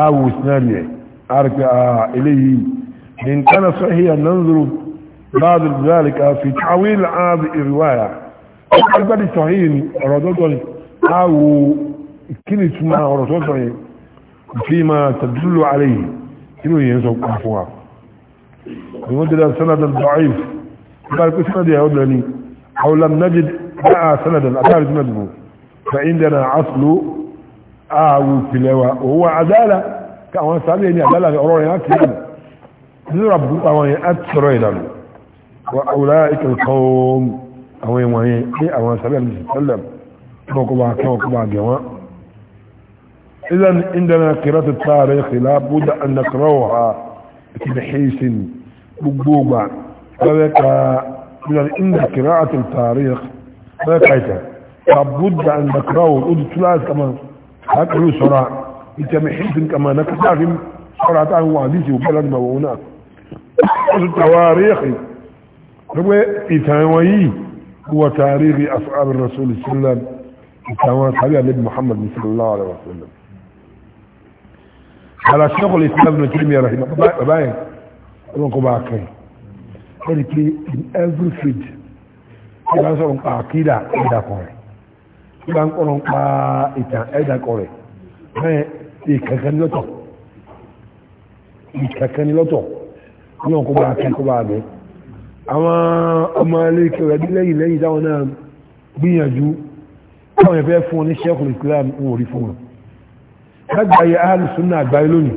áwò ìsinádìí أرجع إليه إن كان صحيا ننظر بعد ذلك في تعويل هذه الرواية قال بدي صحيح رضوتني أو كل كني سمع رضوتني فيما تدل عليه كل ينزل كفوا يقول سندا ضعيف قال كسند يا ولدني أو لم نجد لا سندا أتعرف مدبو فعندنا عصل أو في فلوى وهو عدالة káwọn sábẹ́ ní àdálà ọ̀rọ̀ rẹ̀ láti rẹ̀ nílùú àbúrúkú àwọn yẹn láti sọ̀rọ̀ ìlànà àwòrán ìkẹ̀kọ́ọ̀m àwọn ìwọ̀n yẹn ní àwọn sábẹ́ ní sẹ́lẹ̀ kọ́kọ́bà kọ́kọ́bà gẹ̀wọ́n إذن عندنا قراءة التاريخ لا بد أن نقرأها بحيث بقبوبة فذلك إذن عند قراءة التاريخ فذلك لا بد أن نقرأه الأدو ثلاث كمان هكذا سرعة ìtẹ̀mẹ̀hìntìn kama na kásàfin sọ́ra táwọn wà níṣẹ́ òkú láti bàbá òun náà ó sì tàwáríkì rẹ̀gbẹ́ ìtàn wọn yìí huwa tàríkì asọ́rọ̀ rasulù sallam ìtàn wọn sàbí alẹ́ muhammad sallallahu alaihi wa sallam ala shekhu islam na kirmi rahim baba yẹn wọn kò bá kai ẹni pé in every field tí wọ́n sọ̀rọ̀ nípa àkídà ẹ̀dà kọ̀rẹ̀ tí wọ́n sọ̀rọ̀ nípa ìtàn ẹ̀dà kọ̀rẹ̀ ìkankan lọ́tọ̀ ìkankan lọ́tọ̀ náà kó bá a kí kó bá a bẹ́ àwọn ọmọ ilé kẹwàá bí lẹ́yìn lẹ́yìn táwọn náà gbìyànjú táwọn ẹ̀fẹ́ fún wọn ní sẹ́kùn Islam ń wòrí fún wọn lágbàáyé alùsùn náà àgbáyé lónìí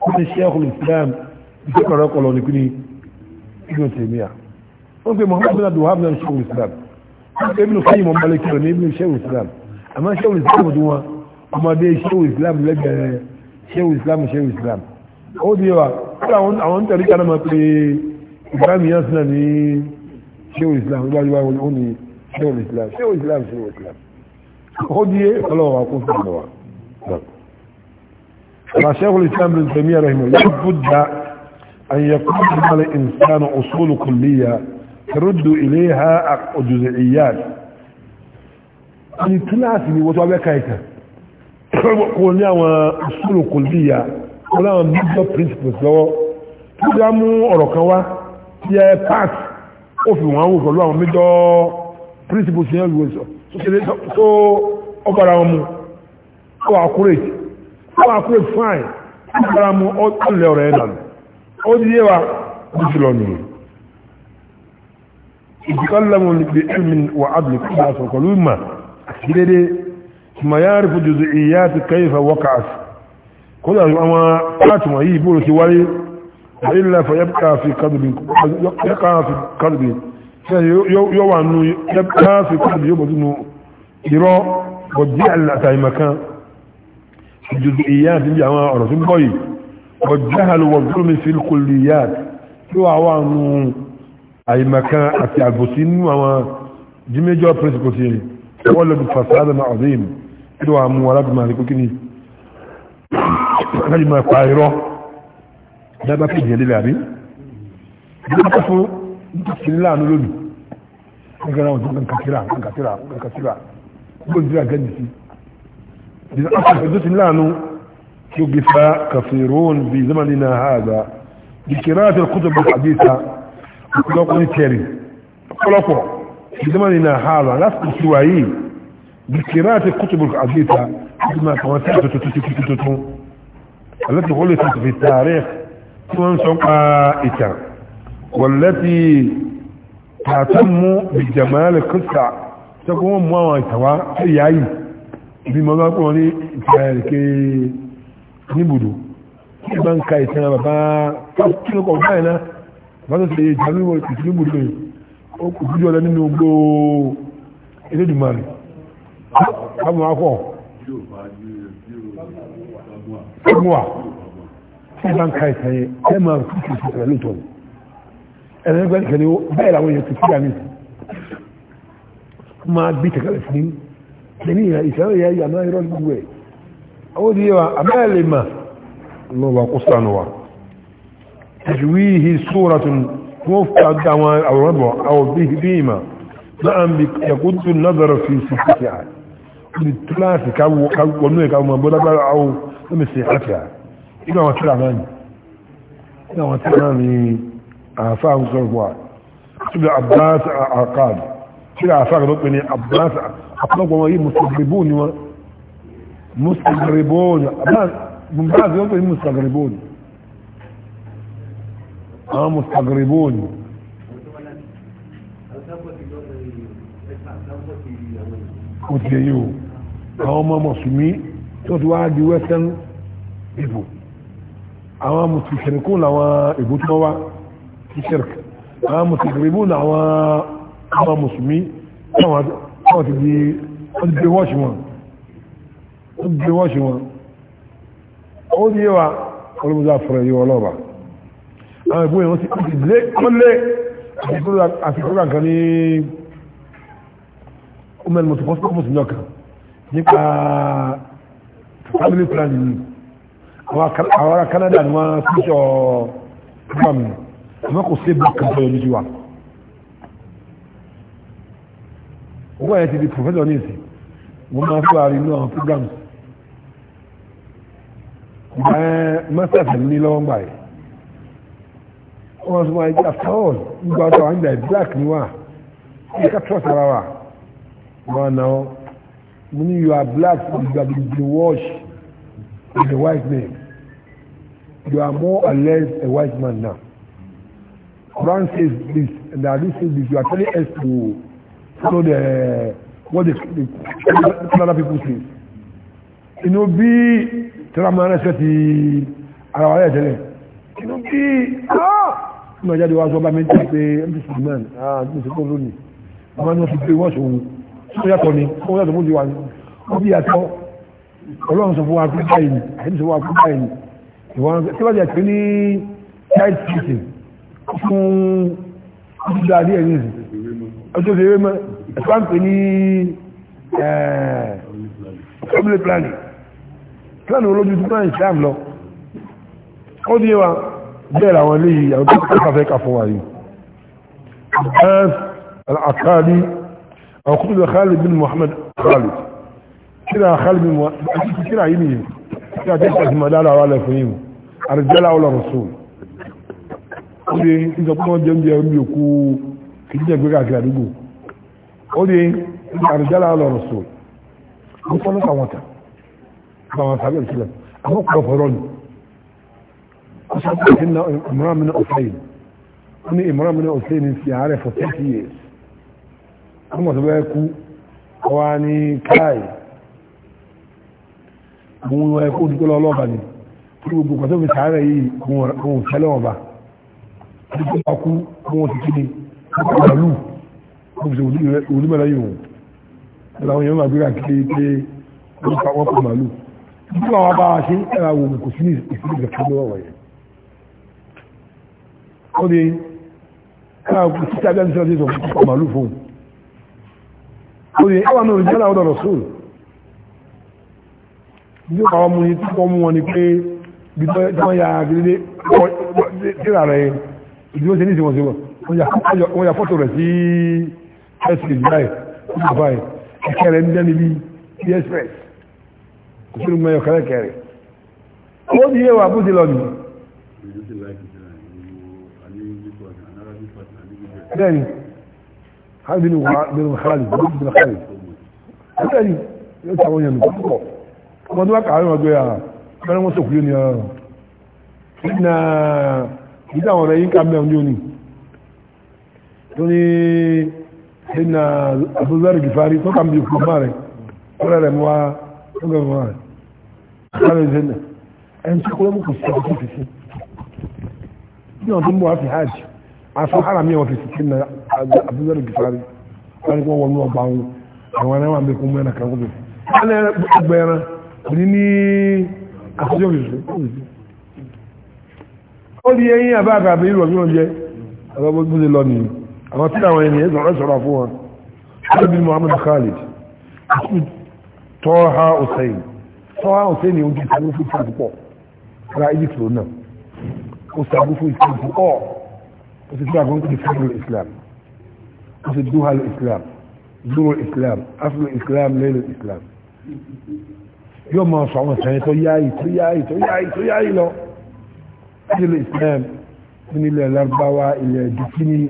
wọ́n ní sẹ́kùn Islam iṣẹ́ kọ̀rọ̀kọ̀lọ̀ ní kíní ibùn tèmíà wọ́n pe Muhammad bin abdul hamdan sẹ́kùn Islam wọ́n pe ibùn fẹ́yìn mọ́ malikí rẹ̀ ní ibùn sẹ́kùn Islam àmọ́ sẹ́kùn Islam dùn wọn ọmọdé ṣéwù islam lẹ́gbẹ̀ẹ́ ṣéwù islam ṣéwù islam ó di wa àwọn ń tẹ̀lé kanáà máa pe ibrahim yẹn sinna ní ṣéwù islam níwájú wa ó ní ṣéwù islam ṣéwù islam ṣéwù islam ó di ọlọ́wọ́ wa kó fún ọmọ wa. فشيخ الإسلام بن تيمية رحمه الله بد أن يكون على الإنسان أصول كلية ترد إليها جزئيات. أن كلاس وتوابع كايكا kò ní àwọn ìṣòro kò lè yà kò láwọn major principles lọ́wọ́ tó dá mú ọ̀rọ̀ kan wá tí ẹ pass ó fi wọ́n wò pẹ̀lú àwọn major principles yẹn lùwẹ̀ sọ tó ọgbàra wọn mu ó accurate ó accurate fine ọgbàra mu ó lẹ ọ̀rọ̀ ẹ̀ dànù ó di yé wa ó ti lọ nìyẹn ìdíkọ́ lẹ́mọ̀ bí ẹ̀mí wà á bìlẹ̀ kí n bá sọ̀rọ̀ pẹ̀lú ìmọ̀ àti déédéé ثم يعرف جزئيات كيف وقعت كل أما قاتم هي بولة ولي وإلا فيبقى في قلبي يقع في قلبي يوعى أنه يبقى في قلبي يبقى أنه يرى وجع لأتاه مكان الجزئيات اللي أما رسول بوي والجهل والظلم في الكليات يوعى أنه أي مكان أتي البسين وما جميع جواب برنسبوسين ولد فساد عظيم kí ló wà mú alábìmọ̀ àti kókí ni alábìmọ̀ ẹ̀kọ́ àìrọ́ dábàá kí ìyẹn lélẹ̀ àbí dábàá fún nítorí láàánú lónìí nígbàrá wọn tó ń kàkírà ń kàkírà ń kàkírà gbọ́n jìrà gẹ́jì sí ìdílé afẹ́fẹ́ tó ti láàánú tí ó gifá kàfẹ́rún bí zamanina haza بقراءة الكتب الحديثة أطلقوا تيري أطلقوا في زمننا هذا نفس السوايين بقراءة الكتب العديدة كما توسعت التي غلطت في التاريخ تنسق إتا والتي تهتم بجمال القصة تقوم مواما يتوا أي بما نقول لي تاريكي نبدو من كايتنا بابا تفكير قولنا ماذا سيجعلوا يتنبدو أو كجولا ننبو إلى دمالي kamu ako kamuwa tí bá ń ka ìtàn yẹn ẹ máa kú sí ìsìn pẹ̀lú ìtọ́ni ẹ̀rẹ́ gbẹ́rẹ́ kẹ́lẹ́ bẹ́ẹ̀ làwọn èèyàn ti kíyà mí máa gbé tẹ̀kẹ́lẹ̀ sí ní ìyàn ìṣẹ́lẹ̀ yẹn yà máa irọ́ gbogbo ẹ̀ àwọn òdi wa àbẹ́ẹ̀ lè mà lọ wà kó sànù wa tẹ̀síwíhì sóra tún wọ́n fà dá àwọn àwòrán bọ̀ àwọn bí ìmà náà ń bi ẹ̀kú tún náà bẹ̀rẹ̀ fi sí kíkẹ́ àti kíláàsì wọnú ẹ̀ka ọmọ bọ́lágbára àwọn lọ́mẹsẹ̀ àfíà nínú àwọn tíra náà ni nínú àwọn tíra náà ni àfá àwọn sọ̀rọ̀ wà tíbi abbas akad tíra àfá àgbà pé ní abbas àpọ̀lọpọ̀ wọn yìí mùsàgbébò ni wọn mùsàgbébò ni abbas wọn pè ní mùsàgbébò ni àwọn kò tiẹ̀ yìí o àwọn ọmọ mùsùlùmí tí wọ́n ti wá di western ibo àwọn mùsùlùmí kún làwọn ibo tí wọ́n wá sí shirk àwọn mùsùlùmí kún làwọn ọmọ mùsùlùmí táwọn ti di wọ́n ti gbé wọ́ọ̀ṣì wọn ó ní wa olùmọ̀dé àfọ̀rọ̀ yìí wọ́n àwọn ìbúyẹ̀ wọ́n ti lé kọ́lé àti kúrò àǹkan ní ọmọ ẹni nípa family planning ni àwọn ará Canada ni wọ́n síṣọ́ program ni àmọ́ kò sí black and white lójú wa owó ẹ̀ ti di professor ní ìsìn wọ́n máa fẹ́ àrí inú àwọn programs ìgbà ẹ̀ ní lọ́wọ́ gbà yìí wọ́n sọ wọ́n ẹgbẹ́ after all nígbà ọ̀tọ̀ àwọn ìgbà black ni wà ẹ̀ka trust ara wa wọ́n náà Meaning you are black you have been washed with a white man you are more or less a white man now Quran says this and the Hadith says this you are telling us to follow the what the, other people say inú bí be ṣe ti ara wa you. tẹ́lẹ̀ inú bí ọmọ ah! ìjáde wa sọ bá méjì pé mp sulman ah ní ìṣẹ́kọ́ lónìí ọmọ náà ti pé wọ́n ṣòun tó yàtọ̀ ni ó yàtọ̀ bó ti wà ní wọ́n bí yàtọ̀ ọlọ́run sọ fún wa kúrò báyìí àyíkú sọ fún wa kúrò báyìí ìwọ̀n tí wọ́n jẹ́ pé ní child teaching fún ìjọba àdíyẹ ní ìsìn ọjọ́ ìṣeré mọ́ ẹ̀sọ́ ń pè ní family planning plan olójú tó náà ìṣàm lọ ó díẹ̀ wa bẹ́ẹ̀ làwọn ilé yìí àwọn tó kọ́kọ́ kà fún wa yìí advance al-akali àwọn kúrò lọ Khalid bin Muhammad Khalid kíra khalbi mu kíra yìí nìyẹn kí a tẹ́sí àti màdá àwọn alẹ́ fún yìí mu àrùjẹ́lá ọlọ́ rọ̀sùn ó di ìjọpọ̀ wọn jẹun jẹun bí òkú kìdíjẹ gbé káàkiri àdúgbò ó di àrùjẹ́lá ọlọ́ rọ̀sùn ó sọ lọ́sà wọn ta àwọn sàbẹ̀ ìṣẹ̀lẹ̀ àwọn kọ̀ fọ̀rọ̀ ni ó sọ pé ìṣẹ̀lẹ̀ ìmọ̀ràn mi náà ọ̀sẹ̀ ní ìmọ̀ràn mi náà ọ̀sẹ̀ yìí fi àárẹ̀ for thirty years àwọn sọ bẹ́ẹ̀ kú ọwọ́ ní káyìí òun ẹkọ́ dúpẹ́ lọ́lọ́ba ni tí gbogbo kan tó fi sàárẹ̀ yìí òun fẹ́lẹ́ ọba dúpẹ́ bá kú wọn ti kíni ọkọ̀ màlúù wọn fi ṣe onímọ̀lá yìí òun ẹ̀rọ àwọn èèyàn máa gbéra kiri pé wọ́n pa wọ́n kọ̀ màlúù dúpẹ́ àwọn bá a ṣe ẹ̀rọ àwọn òun kò sí ní ìsinmi ìgbàkan lọ́wọ́ wọ̀nyẹn. ó ní ẹ̀rọ àwọn sísá bí wọ́n ti sọ fún ọkọ̀ màlúù fún un ó ní ẹ̀rọ àwọn òun ní àwọn ọmọ yìí tí wọ́n mú wọn ni pé bí wọ́n ya gírídé síra rẹ̀ ìdí ó ṣe ní ìsìnwọ̀n síwọ̀n wọ́n ya fọ́tò rẹ̀ sí ẹ̀sìn báyìí bàbá ẹ̀ kẹ̀kẹ́ rẹ̀ ń dẹ́ni bí bí express kò sínú mọ́ ẹ̀kọ́ kẹ̀kẹ́ rẹ̀ ó di yé wa bó ti lọ nù. bẹ́ẹ̀ni hali bínú wàhálì bínú hali yóò ṣàwọn yẹn púpọ̀ ọmọdé wá kàwé wọn gbé à abẹ́rẹ́ wọn sọ̀kú yóò ní ọ̀rọ̀ nígbà ìdí àwọn ọ̀rẹ́ yín ká mẹ́rin ní òní tó ní nígbà àbúzárì gìfárí tó kàmí ìfún máa rẹ̀ ọ̀rẹ́ rẹ̀ wá ọgbẹ́ mọ́ rẹ̀ sáré zẹ́nà ẹni tí kúrẹ́mù kò sí ọdún fìsí bí wọn tó ń bọ̀ wá fi hajj aṣọ ara mi wọn fìsí nígbà àbúzárì gìfárí wọn ni wọn wọnú ọgbà wọn àwọn ẹni wọn bẹ kún mẹ́rin kan kó bẹ ní ní àṣíjọ́ ìṣẹ́ ó di ẹyìn àbáàbà àbí ìrọ̀ mìíràn jẹ́ àbábọ́gbọ́dé lọ ní àwọn tí àwọn ẹni ẹ̀sọ̀rọ̀ sọ̀rọ̀ fún wọn ṣáàbí Muhammad Khalid tọ́ha Hussein tọ́ha Hussein ojú ìṣàgbó fún ìṣàgbó púpọ̀ ara Egypt lónà ó ṣàgbó fún ìṣàgbó púpọ̀ ó sì ṣàgbó fún ìṣàgbó Islam ó sì dúhà Islam dúró Islam afro Islam lẹ́nu Islam yóò máa sọ àwọn ìsẹ̀yìn tó yáyì tó yáyì tó yáyì tó yáyì lọ ilẹ̀ Islam nílẹ̀ Lárúbáwá ilẹ̀ dùkíní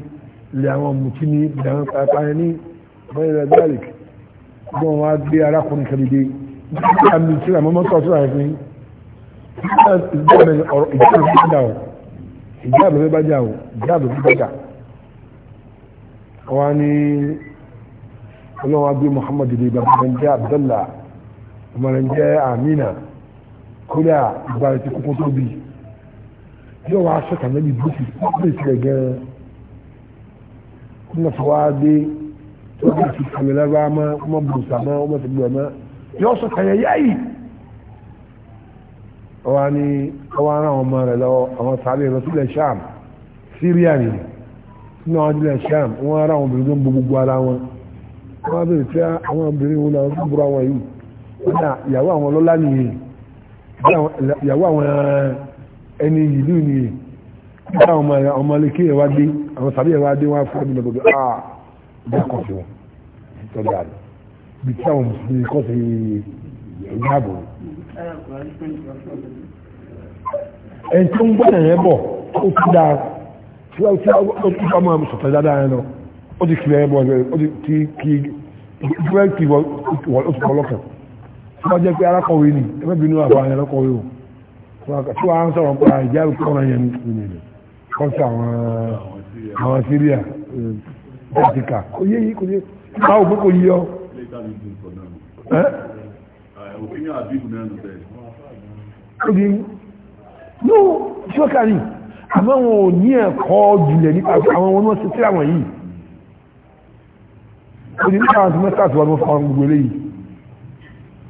ilẹ̀ àwọn mùtíní ilẹ̀ àwọn pàápàá ní bẹ́ẹ̀rẹ̀ garlic bọ́n wá gbé arákùnrin kẹrìndé àmì ìṣẹ́lẹ̀ mọ́mọ́ sọ sí ààrẹ fún ìjáàbẹ̀ bẹ́ bájá o ìjáàbẹ̀ bẹ́ bájá wọ́n ní ọlọ́wọ́ gbé Muhammad dìde ìgbà bẹ́ẹ̀ jẹ́ Abdullah ọmọdé ń jẹ́ àmìnà kódà ìgbà ètò kókó tó bì yóò wá aṣọ kan lẹ́bi bùsì pọ́pẹ́ ìtìlẹ̀ gan-an kúmọ̀ tó wá dé tó bá ti kàmì lábá mọ́ ọmọ bùsà mọ́ ọmọ tó bùrọ̀ mọ́ yóò sọ kàn yẹ yáyì ọwọ́ ni ọwọ́ ara àwọn ọmọ rẹ̀ lọ́wọ́ àwọn sáré lọ sílẹ̀ sham síríà ni nínú àwọn sílẹ̀ sham wọ́n ara àwọn obìnrin tó ń bo gbogbo ara wọn wọ́n á bèrè àwọn obìnrin wo làwọn tó bùrọ̀ àwọn yìí ọ̀nà ìyàwó àwọn ọlọ́lá nìyí ìyàwó àwọn ẹni ìlú nìyí nígbà àwọn ọmọ ilé kéèyàn wá dé àwọn sàbí ẹ̀wá dé wọn fún ọdún lọ́gbọ̀dọ̀ ah ìjà kan wọn tọ́jú àná bí àwọn mùsùlùmí kọ́ sí ìyàbò ẹni tó ń gbọ́dọ̀ yẹn bọ̀ ó ti dáa tí ó ti bá máa sọ̀tọ̀ dáadáa yẹn lọ ó ti kiri ẹ̀bọ̀ ó ti kí ìgbẹ́ kí wọ́n ó ti kọ́ lọ́kàn wọ́n jẹ́ pé alákọ̀wé ni ẹgbẹ́ bínú àfààní alákọ̀wé o tí wọ́n á ń sọ̀rọ̀ pé àìjá ìkọ́ra yẹn ní ìrìnlẹ̀ kọ́sí àwọn Syria eh, Africa kò yé yìí kò yé báwo pé kò yí ọ. Obi no sọ́kàrí àmọ́ wọn ò ní ẹ̀kọ́ jùlẹ̀ nípa àwọn wọn wọ́n ti tí àwọn yìí. Obi nípa àwọn tí wọ́n sàtúwọ́n fún gbogbo eléyìí.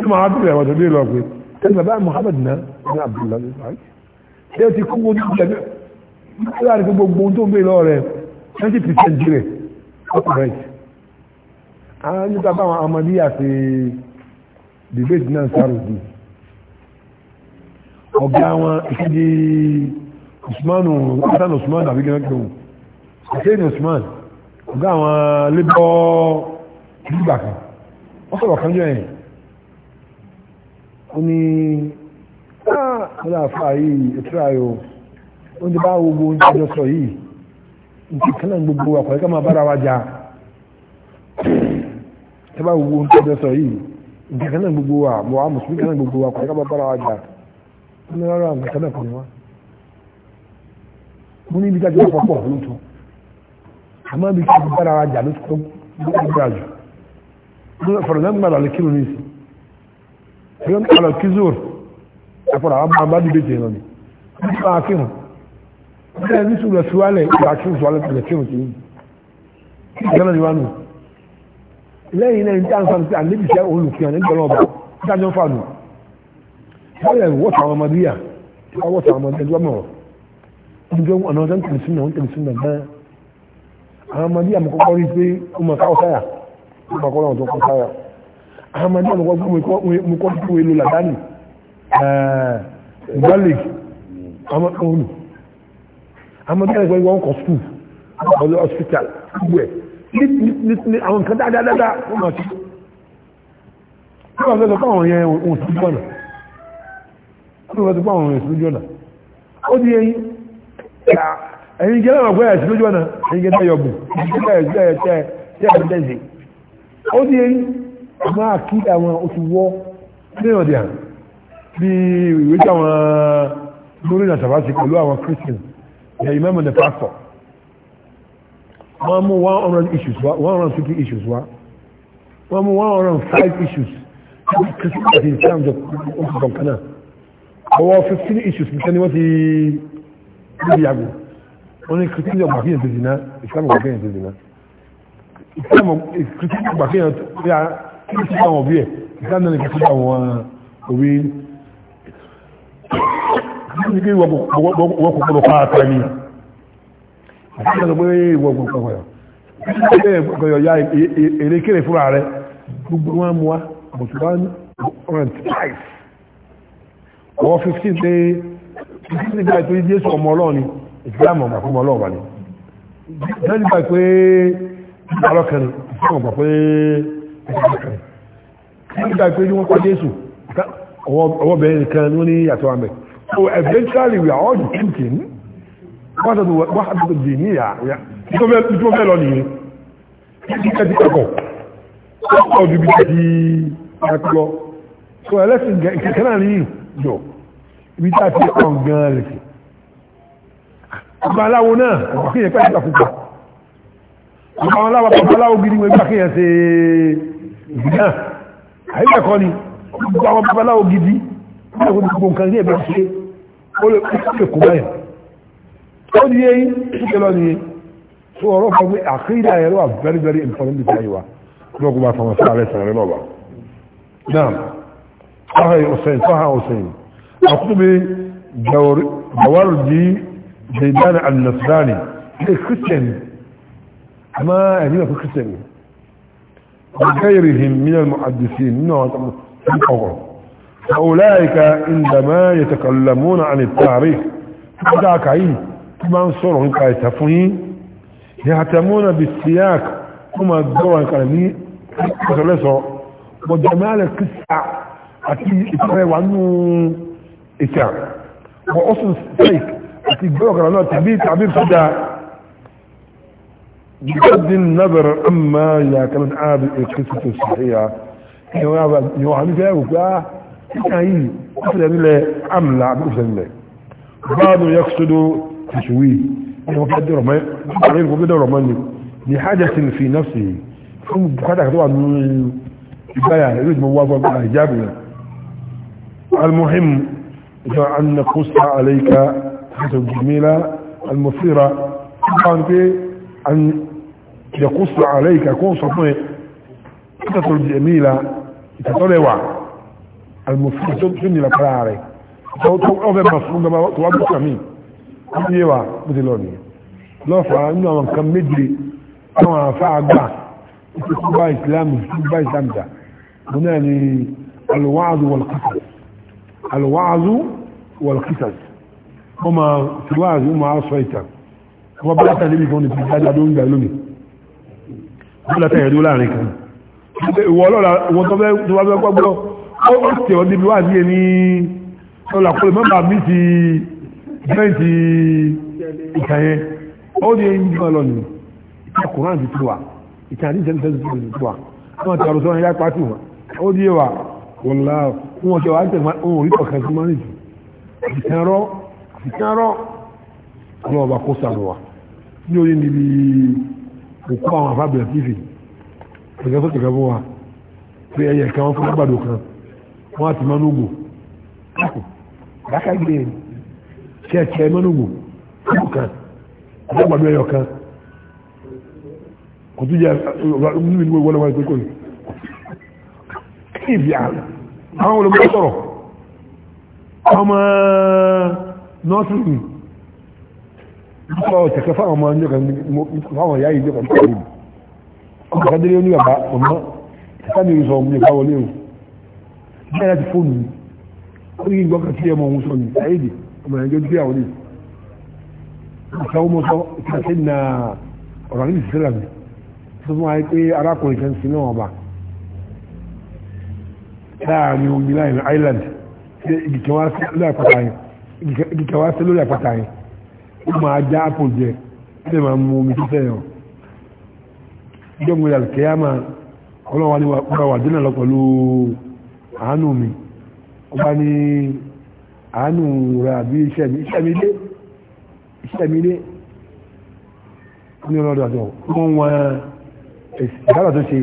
tí màá bẹ̀rẹ̀ wọ́n tó dé lọ pé tẹ́lẹ̀ bàbá Muhammad náà ní abdullá ní sàájì ṣé o ti kú gbogbo ìjẹ́bí nígbà tí gbogbo tó ń bè lọ rẹ̀ 20 percent rẹ̀ upright àwọn nípa báwọn amadi àti debate náà sáré sí ọ̀gá wọn ìkéde Usmanu Hasan Usman àbí gẹ́gẹ́ kí òun àtẹ́yìn Usman ọ̀gá àwọn labour nígbà kan wọ́n sọ̀rọ̀ kan jọ yẹn ó ní aláàfà ah, yìí ìtura yóò ó ti bá gbogbo ìjọ sọ yìí nti kana gbogbo wa kọ̀ọ̀kan máa bára wa jà tí bá gbogbo nǹkan jẹ́ sọ yìí nti kana gbogbo wa mọ̀ á mùsùlùmí kana gbogbo wa kọ̀ọ̀kan máa bára wa jà ní rárá nǹkan kan náà kò ní wá. mo ní ibi jáde wà pọ̀pọ̀ ló tó àmọ́ ibi tí a bára wa jà ló tó gbọ́dọ̀ gbà jù. lè kírun ní ìsìn yóò ń kàlọ̀ kí zoro ẹ̀fọ́ra àwọn bá bá dìde jẹ́ lọ́nà nípa akíhùn bẹ́ẹ̀ ní sùn lọ sí wálẹ̀ ìgbà kí sùn wálẹ̀ tẹ̀lẹ̀ kíhùn kìí ìjọba ni wá nù lẹ́yìn náà ní tí a ń fa nípa àníbi iṣẹ́ olùkíyàn nígbà náà bá níta ni wọ́n fà nù báyẹ̀ wọ́tà àwọn ọmọdé yà wọ́tà àwọn ọmọdé ẹgbẹ́ mọ̀ ọjọ́ ọ̀nà ọjọ́ ń tẹ̀lé sínú ń tẹ̀lé sínú gan àwọn ọmọdé yà mọ̀ kọ́kọ́ rí pé ó mọ̀ káwọ́ sáyà ó mọ̀ kọ́ ahmed náà mo kọ́ fún èlò làdánì galik ahmed náà nù ahmed náà gbọ́ wọn kọ́ skul ọdún hospital gbogbo ẹ̀ ní àwọn nǹkan dáadáa wọ́n máa ti kí wọ́n fẹ́ sọ fáwọn yẹn òun sí jọ́nà kí wọ́n fẹ́ sọ fáwọn yẹn sí jọ́nà ó di ẹyin ẹ̀yin jẹ́ lọ́nà pé ẹ̀sìn lójú ọ̀nà ẹ̀yin jẹ́ tẹ́yọ̀ bù ẹ̀yin jẹ́ tẹ́yọ̀ tẹ́yọ̀ tẹ́yọ̀ tẹ́yọ̀ ó di ẹyin máa kí àwọn oṣù wọ́ léèyàn dì hàn bí ìwé tí àwọn lórí náà sàbá ti pẹ̀lú àwọn christian ìyá imam and the pastor wọ́n mú one hundred issues wá one hundred fifty issues wá wọ́n mú one hundred five issues wọ́n christian àti islam jọ oṣù kọ̀ọ̀kan náà àwọn fifteen issues nìkan ni wọ́n ti níbi yàgò wọ́n ní christian jọ gbàkíyàn ti dì náà islam gbàkíyàn ti dì náà islam christian gbàkíyàn ti dì náà kí ti àwọn òbí ẹ̀ ìdáná ní kí àwọn òbí ní kí wọ́n kò kọ́lọ̀ pàá tani àti ìdáná pé wọ́n kò kọ́lọ̀ ẹ̀ kọ̀yọ̀ ya èrè kéré fúnra rẹ̀ gbogbo wọn mú wa bọ̀tù bá ní rent twice ọwọ́ 15 pé 15 nígbà tó yí Jésù ọmọ Ọlọ́run ni ìsìlámù ọmọ fún Ọlọ́run wà ní ìdáná nígbà pé alọ́kẹrin ìsìlámù ọmọ pé wọ́n gbà pé wọ́n pa jésù ọwọ́ bẹ̀rẹ̀ nìkan ní wọ́n ní yàtọ̀ àmẹ́ so eventually we are all thinking wọ́n sọ wọ́n á dùn dì níyà tí wọ́n fẹ́ lọ nìyẹn tí wọ́n ti kẹ́kọ̀ọ́ ọkọ̀ ju bí ti ẹ̀kọ́ so ẹlẹ́sìn kẹ́kẹ́ náà nìyí jọ ibi tá a ti kàn gan rẹ̀ sí ọba aláwo náà ọba kéèyàn pẹ́ ìgbà púpọ̀ ọba náà àyíkẹ́kọ́ ni gbogbo àwọn babaláwo gidi gbogbo gbogbo nǹkan ní ẹ̀bẹ̀ ṣe ó lè kó báyìí ó ní yẹ́yìn ṣíkẹ́ lọ ní tó ọ̀rọ̀ kan pé àkídà ẹ̀rọ very very important nípa ìwà lọ́gbọ́n bá fọwọ́ sáré sọ̀rọ̀ lọ́wọ́ náà sọ́hà ọ̀sẹ̀ sọ́hà ọ̀sẹ̀ àkútùbí jawarji zaidana annasrani ilé christian àmá ẹ̀yìn ọ̀fẹ́ christian وغيرهم من المحدثين من الأغر فأولئك عندما يتكلمون عن التاريخ فذاك عين كما انصرهم كايتفهين يهتمون بالسياق كما الدورة الكلامية وجمال القصة أتي إتري وعنه إتار وأصل السيك أتي الدورة الكلامية تعبير تعبير فدا بغض النظر اما اذا كانت عاد القصه الصحيحه يوحنا فيها وقع اي افلا ام لا افلا بالله بعض يقصد تشويه يقدر ما غير يقدر ما لحاجة في نفسه فهم بخدك طبعا كفاية يريد موافق على إجابة المهم أن نقص عليك حسب جميلة المصيرة طبعا في أن يقص عليك يكون صفوه قصة الجميلة تتولوا المفروض سني لك عليك tó tó ọbẹ̀ máa fún ọmọ tó wá bùkà mí ní ẹwà bó ti lọ ní lọ́fà nínú àwọn nǹkan méje àwọn àfá àgbà tó kú bá ìsìlámù tó bá ìsìlámù dà mo náà ni alùwáàzù wọlùkítà alùwáàzù wọlùkítà wọ́n máa tiwáàzù máa sọ ìtàn wọ́n bá tà níbi kan ní ti jáde adó ń gbà lónìí bọ́lẹ̀tẹ̀ ẹ̀dú láàrin kan ìwọ ọlọ́ra wọn tó fẹ́ tó wá fẹ́ gbọ́gbọ́ ó tẹ̀ ọ́ níbi wá sí ẹni ọlọ́kùnrin mọ́bà mi ti bẹ́ǹtì ìkàyẹn ó ní ẹni jù lọ nù ìkà kùrán ti tiwa ìkà àti ìṣẹ́ni sẹ́ni ti tiwa wọn ti àrùsọ ẹ̀yà pàtó wọn ó ní ẹwà wọlá wọn ṣe wà tẹ̀wọ́n òun rí kọ̀ọ̀kan sí mọ́nìjì ìtẹ̀rọ ìtẹ̀rọ ọlọ́ọ̀bà kó sàlùwà ní oyin níbi òkú àwọn àfábìlẹ̀ tífì ẹ̀gẹ́ tó tẹ̀gẹ́ fún wa pé ẹyẹ kan wọ́n fún àgbàdo kan wọ́n á ti mọ́núgbò káàkù dáká gbé e. ṣẹ́ẹ̀kẹ́ mọ́núgbò káàkù kan àgbàdo ẹyọ kan kò tún jẹ́ mímí ní wọ́n lọ́wọ́ ìpínkò yìí kí ìbí àwọn olùgbọ́ sọ̀rọ̀ ọmọ nọ́ọ̀tì nípa ọ̀tẹ̀ kẹfà àwọn ọmọ àwọn ìyá yìí jọkàn pẹ̀lú mi ọmọ kádéré ó ní bàbá ọmọ ìfá mi sọ ọmọ ìfá wọlé o bẹ́ẹ̀ láti fóònù mi ó ní ìgbọ́ kàtí ọmọ òun sọ ní ayédè ọmọ ìyàjọ́ tí àwọn ní ìsáwọ́ mọ́sọ́ ìtàṣẹ́ na ọ̀rọ̀ ní ìsìlẹ̀ mi tó fún wa pé arákùnrin kan sí náà ọba láàrin omi láàrin island ibi kẹwàá sí lórí àpáta yẹn ó máa já àpò jẹ ó lè máa mú omi títẹ̀ yọ ìjọba alkiyama ọlọ́wà ní wà dínà lọ pẹ̀lú àánú mi ó bá ní àánú rẹ̀ àbí iṣẹ́ mi iṣẹ́ mi lé iṣẹ́ mi lé ní ọlọ́dọ̀ àtọ̀ wọ́n wọn ìdára tó ṣe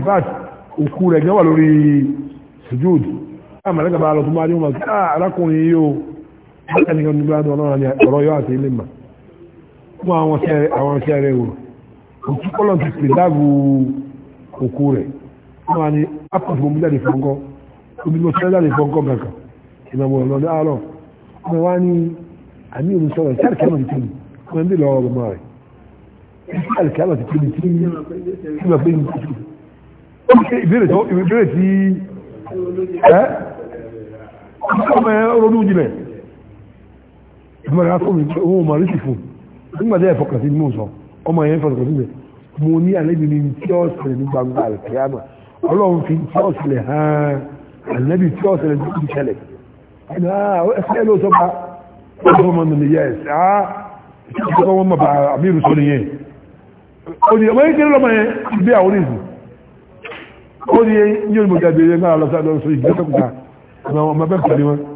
ìbáàtì òkú rẹ̀ gẹ́wà lórí sujúd láàmàlẹ́gbàbà lọ tó máa ní wọn ah, arákùnrin yóò ẹni kan nígbà tó ọlọ́run ni ọ̀rọ̀ yóò àti ilé mà fún àwọn iṣẹ́ rẹ̀ wò òtún kọ́lọ̀ ti pè dáàbò òkú rẹ̀ wọ́n wá ní apple fún bíjáde fọ́nkọ́ omi mo sọ́rọ́ jáde fọ́nkọ́ kankan ìmọ̀mọ̀ ọ̀rọ̀ ní àárọ̀ wọ́n wá ní àmì òun sọ̀rọ̀ sí àlùkẹ́mọ̀ ti tóbi wọ́n ń bí lọ́wọ́ ọmọ rẹ̀ sí àlùkẹ́mọ̀ ti tóbi tí tí wọ́n pè ní ìbéèrè ìbéèrè tí ẹ́ ọmọ ẹ̀ ronú jinlẹ̀ ìgbàlá fún mi owó màrí sì fún nígbà tí ẹ fọkàn sí mú sọ ọmọ yẹn fọkàn sí mi mo ní àlejò ní tí ó ṣẹlẹ̀ ní gbangba àlùkìyàmà ọlọ́run fi tí ó ṣẹlẹ̀ hàn àlẹ́bí tí ó ṣẹlẹ̀ ní kí ṣẹlẹ̀ ẹ̀dá ah, ẹ̀fẹ́ ló sọ bá ọlọ́run mọ̀ nínú yẹ ẹ̀sẹ̀ á ìṣẹ́ tó wọ́n mọ̀ bá àmírù sọ nìyẹn ó ọmọ yẹn kéré lọ́mọ yẹn bí àwọn oníṣù ó ní yẹn ní onímọ̀jà bèèrè ńlá lọ́sọ̀ọ́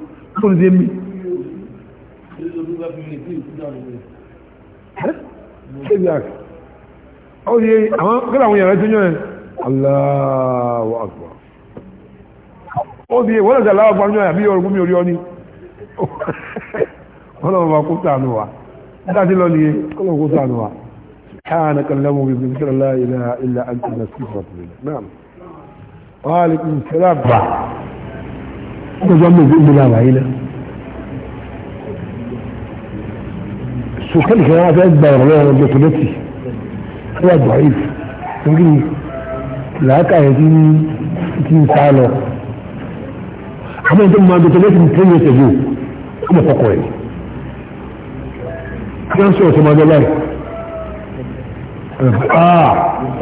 fún ṣe mí. ó yẹ àwọn kílà àwọn yàrá tó yàn ẹ́ Allahu Akbar ó di ìwọ́n lọ́jà láwọn ọgbà yàn àbí ọrùn mi orí ọ ní wọ́n lọ́wọ́ kó tànù wa dájú lọ nìyẹn kó kó tànù wa كان كلمه بذكر لا اله gbogbo ọmọ ìlú ìlú làwà yìí náà sùkúlù kan wá fẹ́ gba ọ̀rọ̀ lọ́wọ́ ọ̀rọ̀ dọ́kítọ́tì ó wà dọ̀ ìfù nígbì làákà yẹn ti ti ń sá lọ àmọ́ ìjọba máa dọ́kítọ́tì ní tẹ́lẹ̀ ẹsẹ̀ bò ó mọ̀ fọkọ̀ ẹ̀ kí wọ́n sọ̀rọ̀ sọ máa dọ́ láì ah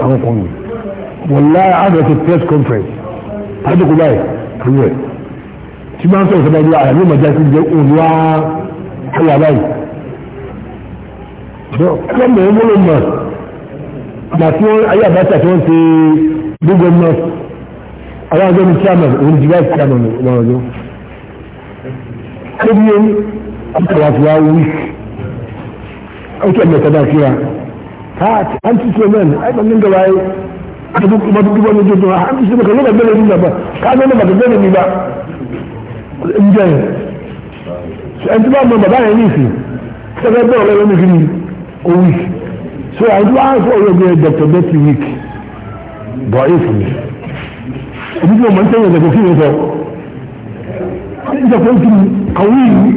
àwọn kan wọ̀lá àdàtì press conference àdókò báyìí kúrò ẹ̀ tí máa ń sọ̀rọ̀ sọ́dọ̀ ìlú ààrẹ ló mọ̀ jásí jẹ́ òǹwà ẹ̀yà báyìí. lọ́mọ owó ló mọ̀ àgbà tí wọ́n ayé àbáṣà tí wọ́n ṣe gbogbo mọ̀ àwọn àjọ ní chairman òun jù báyìí chairman lọ́rọ̀ jọ. ó bí yẹn àtàwọn àti wá wí ó kí ẹ̀mí ọ̀tọ̀ dá síra káàtì àǹtí sílẹ̀ mẹ́rin àìsàn ní ìgbà wáyé àti gbogbo ọmọdé ọmọdé gbogbo àǹtí sílẹ̀ mẹ́rin ló bẹ̀ bẹ́ẹ̀ ní ìgbà bá káàtì ọmọdé ń jẹ́ yẹn ẹni tí bá mọ bàbá yẹn ní ìsìn sẹ́fẹ́ bẹ́ẹ̀ ọ̀rẹ́ lónìí kìíní o week so ẹni tí wàá sọ ọ̀rẹ́ bẹ́ẹ̀ dr betty week bọ̀ ẹ́ fún mi èmi tí mo mọ̀ ń tẹ́yìn ẹ̀dẹ̀kọ̀ kí ni sọ ìjọba tí àwọn yìí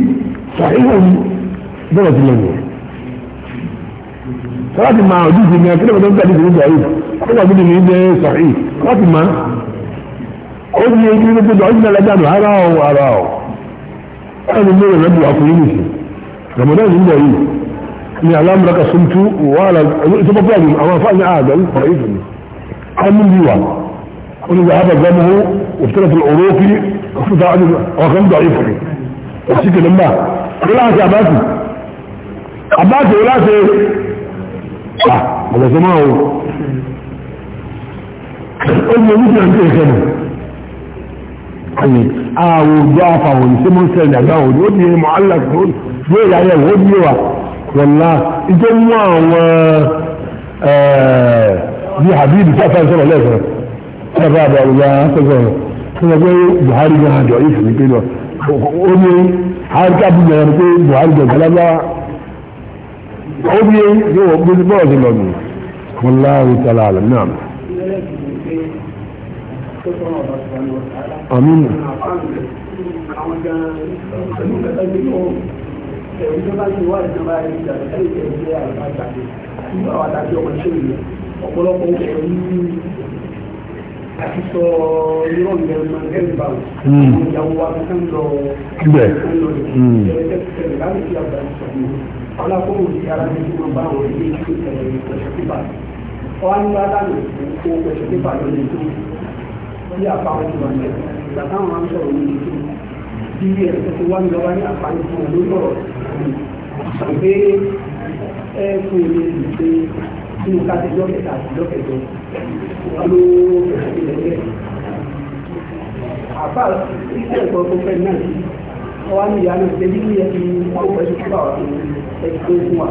sàhíhàn bẹ́ẹ̀ ti lẹ́nu sọ́wọ́n ti máa ọdún ìsinmi akérèmọ́tò ń tàbí ìsinmi sàhíhàn ó wà gbọ́dọ̀ ní ilé sàhíhàn láti máa ó ní ẹni ní gbogbo ọdún ẹlẹ́gbàdùn ara ọ̀ ara ọ̀ ẹni ní ìrẹ́bù ọkùnrin nìsí ramadan yìí bọ̀ yìí ni alámúraka suntu wàhálà ìjọba pẹ̀lú àwọn afáàní àgbà ń pẹ̀lú ìfẹ̀lú ọmú bí wà ó ní zahaba gamuhu òfitẹ́lẹ̀tì òrókì òfitẹ́ ọkàn dọ̀ ìfẹ̀lú òsì kìlín bá kíláàsì àbáàsì àbáàsì kíláàsì à ọ̀gbọ̀sọ́mọ́ ó ní oníṣẹ́ àti ìṣẹ́nu àwòjọ afàwòrán tí mo ń sẹ́yìn àgbà òní ó di mọ̀ aláàkó ní ìyá yẹn wọ́n di wa wọ̀nà ìjọ mú àwọn bí Habib sáfà sọ̀rọ̀ lẹ́sọ̀rọ̀ sáfà àbàlùwà sọ̀rọ̀ tó sọ pé Buhari gan àjọ yìí sì ní pé ó ní harika bí jẹ́ pé Buhari gan galaba ó ní yóò gbé bọ́ọ̀sì lọ́nà wọ́n láàrú tala àlẹ́ náà àmínú. ọ̀pọ̀lọpọ̀ òṣèlú àti sọ yọrọ ara ní ìgbìmọ̀ bá àwọn ilé ìṣòro ẹ̀ṣẹ̀ pípa hmm. wọn á ní kó ẹ̀ṣẹ̀ pípa lónìí tó sí àpapọ̀ ìwà rẹ̀ ìgbà táwọn máa ń sọ̀rọ̀ ní ìlú bí i ẹ̀sẹ̀ tó wá ní lọ́wọ́ ní àpáyé fún ọ ló sọ̀rọ̀ pé ẹ fún ilé ìlú pé kí mo ká ti lọ́kẹ̀ta àti lọ́kẹ̀jọ wọn ló fẹ̀sẹ̀ ilẹ̀ rẹ̀ àpá ìṣẹ́ ìkọ́ tó fẹ́ náà wọ́n ní ìyá náà ṣe bí ilé ẹ̀ fi ọkọ̀ ẹ̀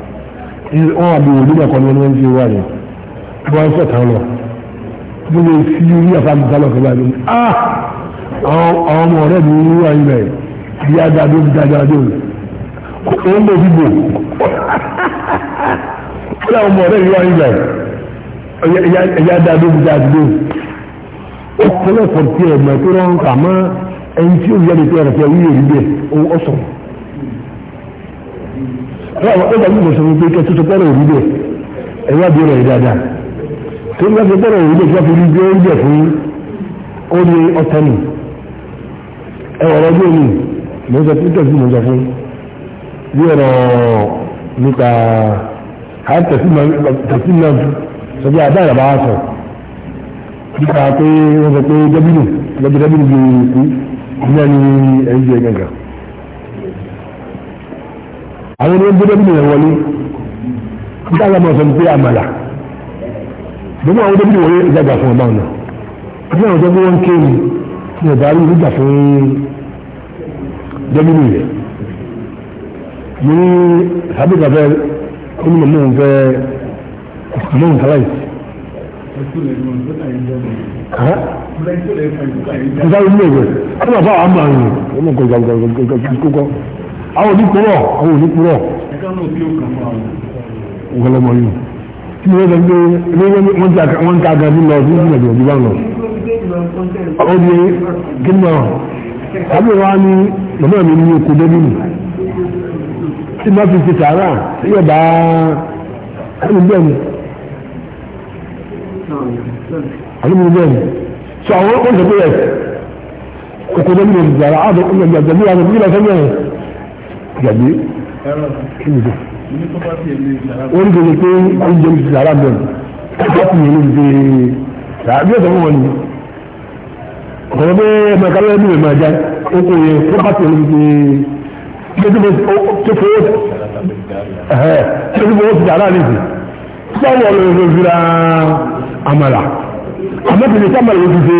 wọn àbí wòlíì náà kọ́ ni wọ́n ti wá yẹn wọ́n sọ̀ tán lọ mo lè fi orí àfàmì sálọ̀ kọ́ báyìí a ah àwọn ọmọ ọ̀rẹ́ mi ń wá yín bẹ́ẹ̀ bí adájọ́ bí dájọ́ òun lè dìbò ó láwọn ọmọ ọ̀rẹ́ mi wá yín bẹ́ẹ̀ ẹ̀yà adájọ́ bí dájọ́ ó kọ́lẹ̀ pọ̀ tí ẹ̀ mọ̀ tó rọrùn o mọ́ ẹni tí ó yẹ lè tẹ́ ẹ̀rẹ̀ fẹ́ wíyẹ̀ rí bẹ́ẹ̀ ó báwo ó dàbí ìgbésẹ̀ wípé kẹ́ tó tó pẹ́rẹ́ òrí bẹ́ẹ̀ ẹ wá bí rẹ̀ dáadáa tó ń bá tó pẹ́rẹ́ òrí bẹ́ẹ̀ tí wọ́n fi rí gbé oúnjẹ fún ó ní ọ̀tẹ́ nù ẹ wọ̀rọ̀ ọdún òní mo ń sọ pé tẹ̀sí mo ń sọ fún bí ọ̀rọ̀ nípa à ń tẹ̀sí náà sọ pé àbá ìràbá sọ nípa pé wọ́n sọ pé dẹ́bìnù lọ́jọ́ dẹ́bìnù bí kú ní ẹni ẹ̀yìn jẹ́ àwọn ènìyàn gbé débìnrin rẹ̀ wọlé nígbà tí a máa sọ ní pé àmàlà gbogbo àwọn débìnrin wọlé ìjàgbà fún ọba ọ̀nà àti àwọn ọ̀dọ́ wọn kéwì ní ọ̀dà àrí ìjà fún débìnrin rẹ̀ ní sábẹ́ka fẹ́ onímọ̀ mọ́ fẹ́ mọ́ nǹkan Nǹkan ìlú ẹ̀gbẹ́, ọmọ àbá àmà rẹ̀, ọmọ nǹkan ìgbàgbọ́ àwọn onípúrọ̀ àwọn onípúrọ̀ ọ̀gọ́lọ́mọ yìí tí wọ́n lọ gbé wọ́n ń ta aga bí lọ sí ìlú ẹ̀jọ̀ bí bá lọ. ó di kí ni ọ̀rọ̀ àbúrò wa ní màmá mi ní oko débi nì tí má fi ti sàárà yóò bá ẹni bẹ́ẹ̀ ni àlùmí bẹ́ẹ̀ ni sọ àwọn ọ̀sẹ̀ pé ẹ̀ oko débi nì ti sàárà àbúrò ọ̀sẹ̀ pé ẹ̀ gàdé kíndùn wọ́n ní bèrè pé oúnjẹ ń ti sàrà bẹ̀rù wọ́n ti yẹn ní bèrè sàrà bí ọ̀sán wọn ni ọ̀sán pé ẹ̀ma kálọ́ ẹ̀mí ẹ̀ma já oko yẹn wọ́n bá ti yẹn ní bèrè tó fowó tó ti sàrà nìyí sọ́wọ́ ló ń fi ra àmàlà àmọ́ kìí ló ti fi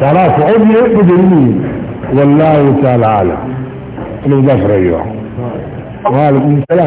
sàrà fún ọ́ bí ó ti dé nìyí wọ́n láwùjọ àlàálà. ló bá fọ̀rọ̀ yọ wọ́n á lè kún sẹ́lá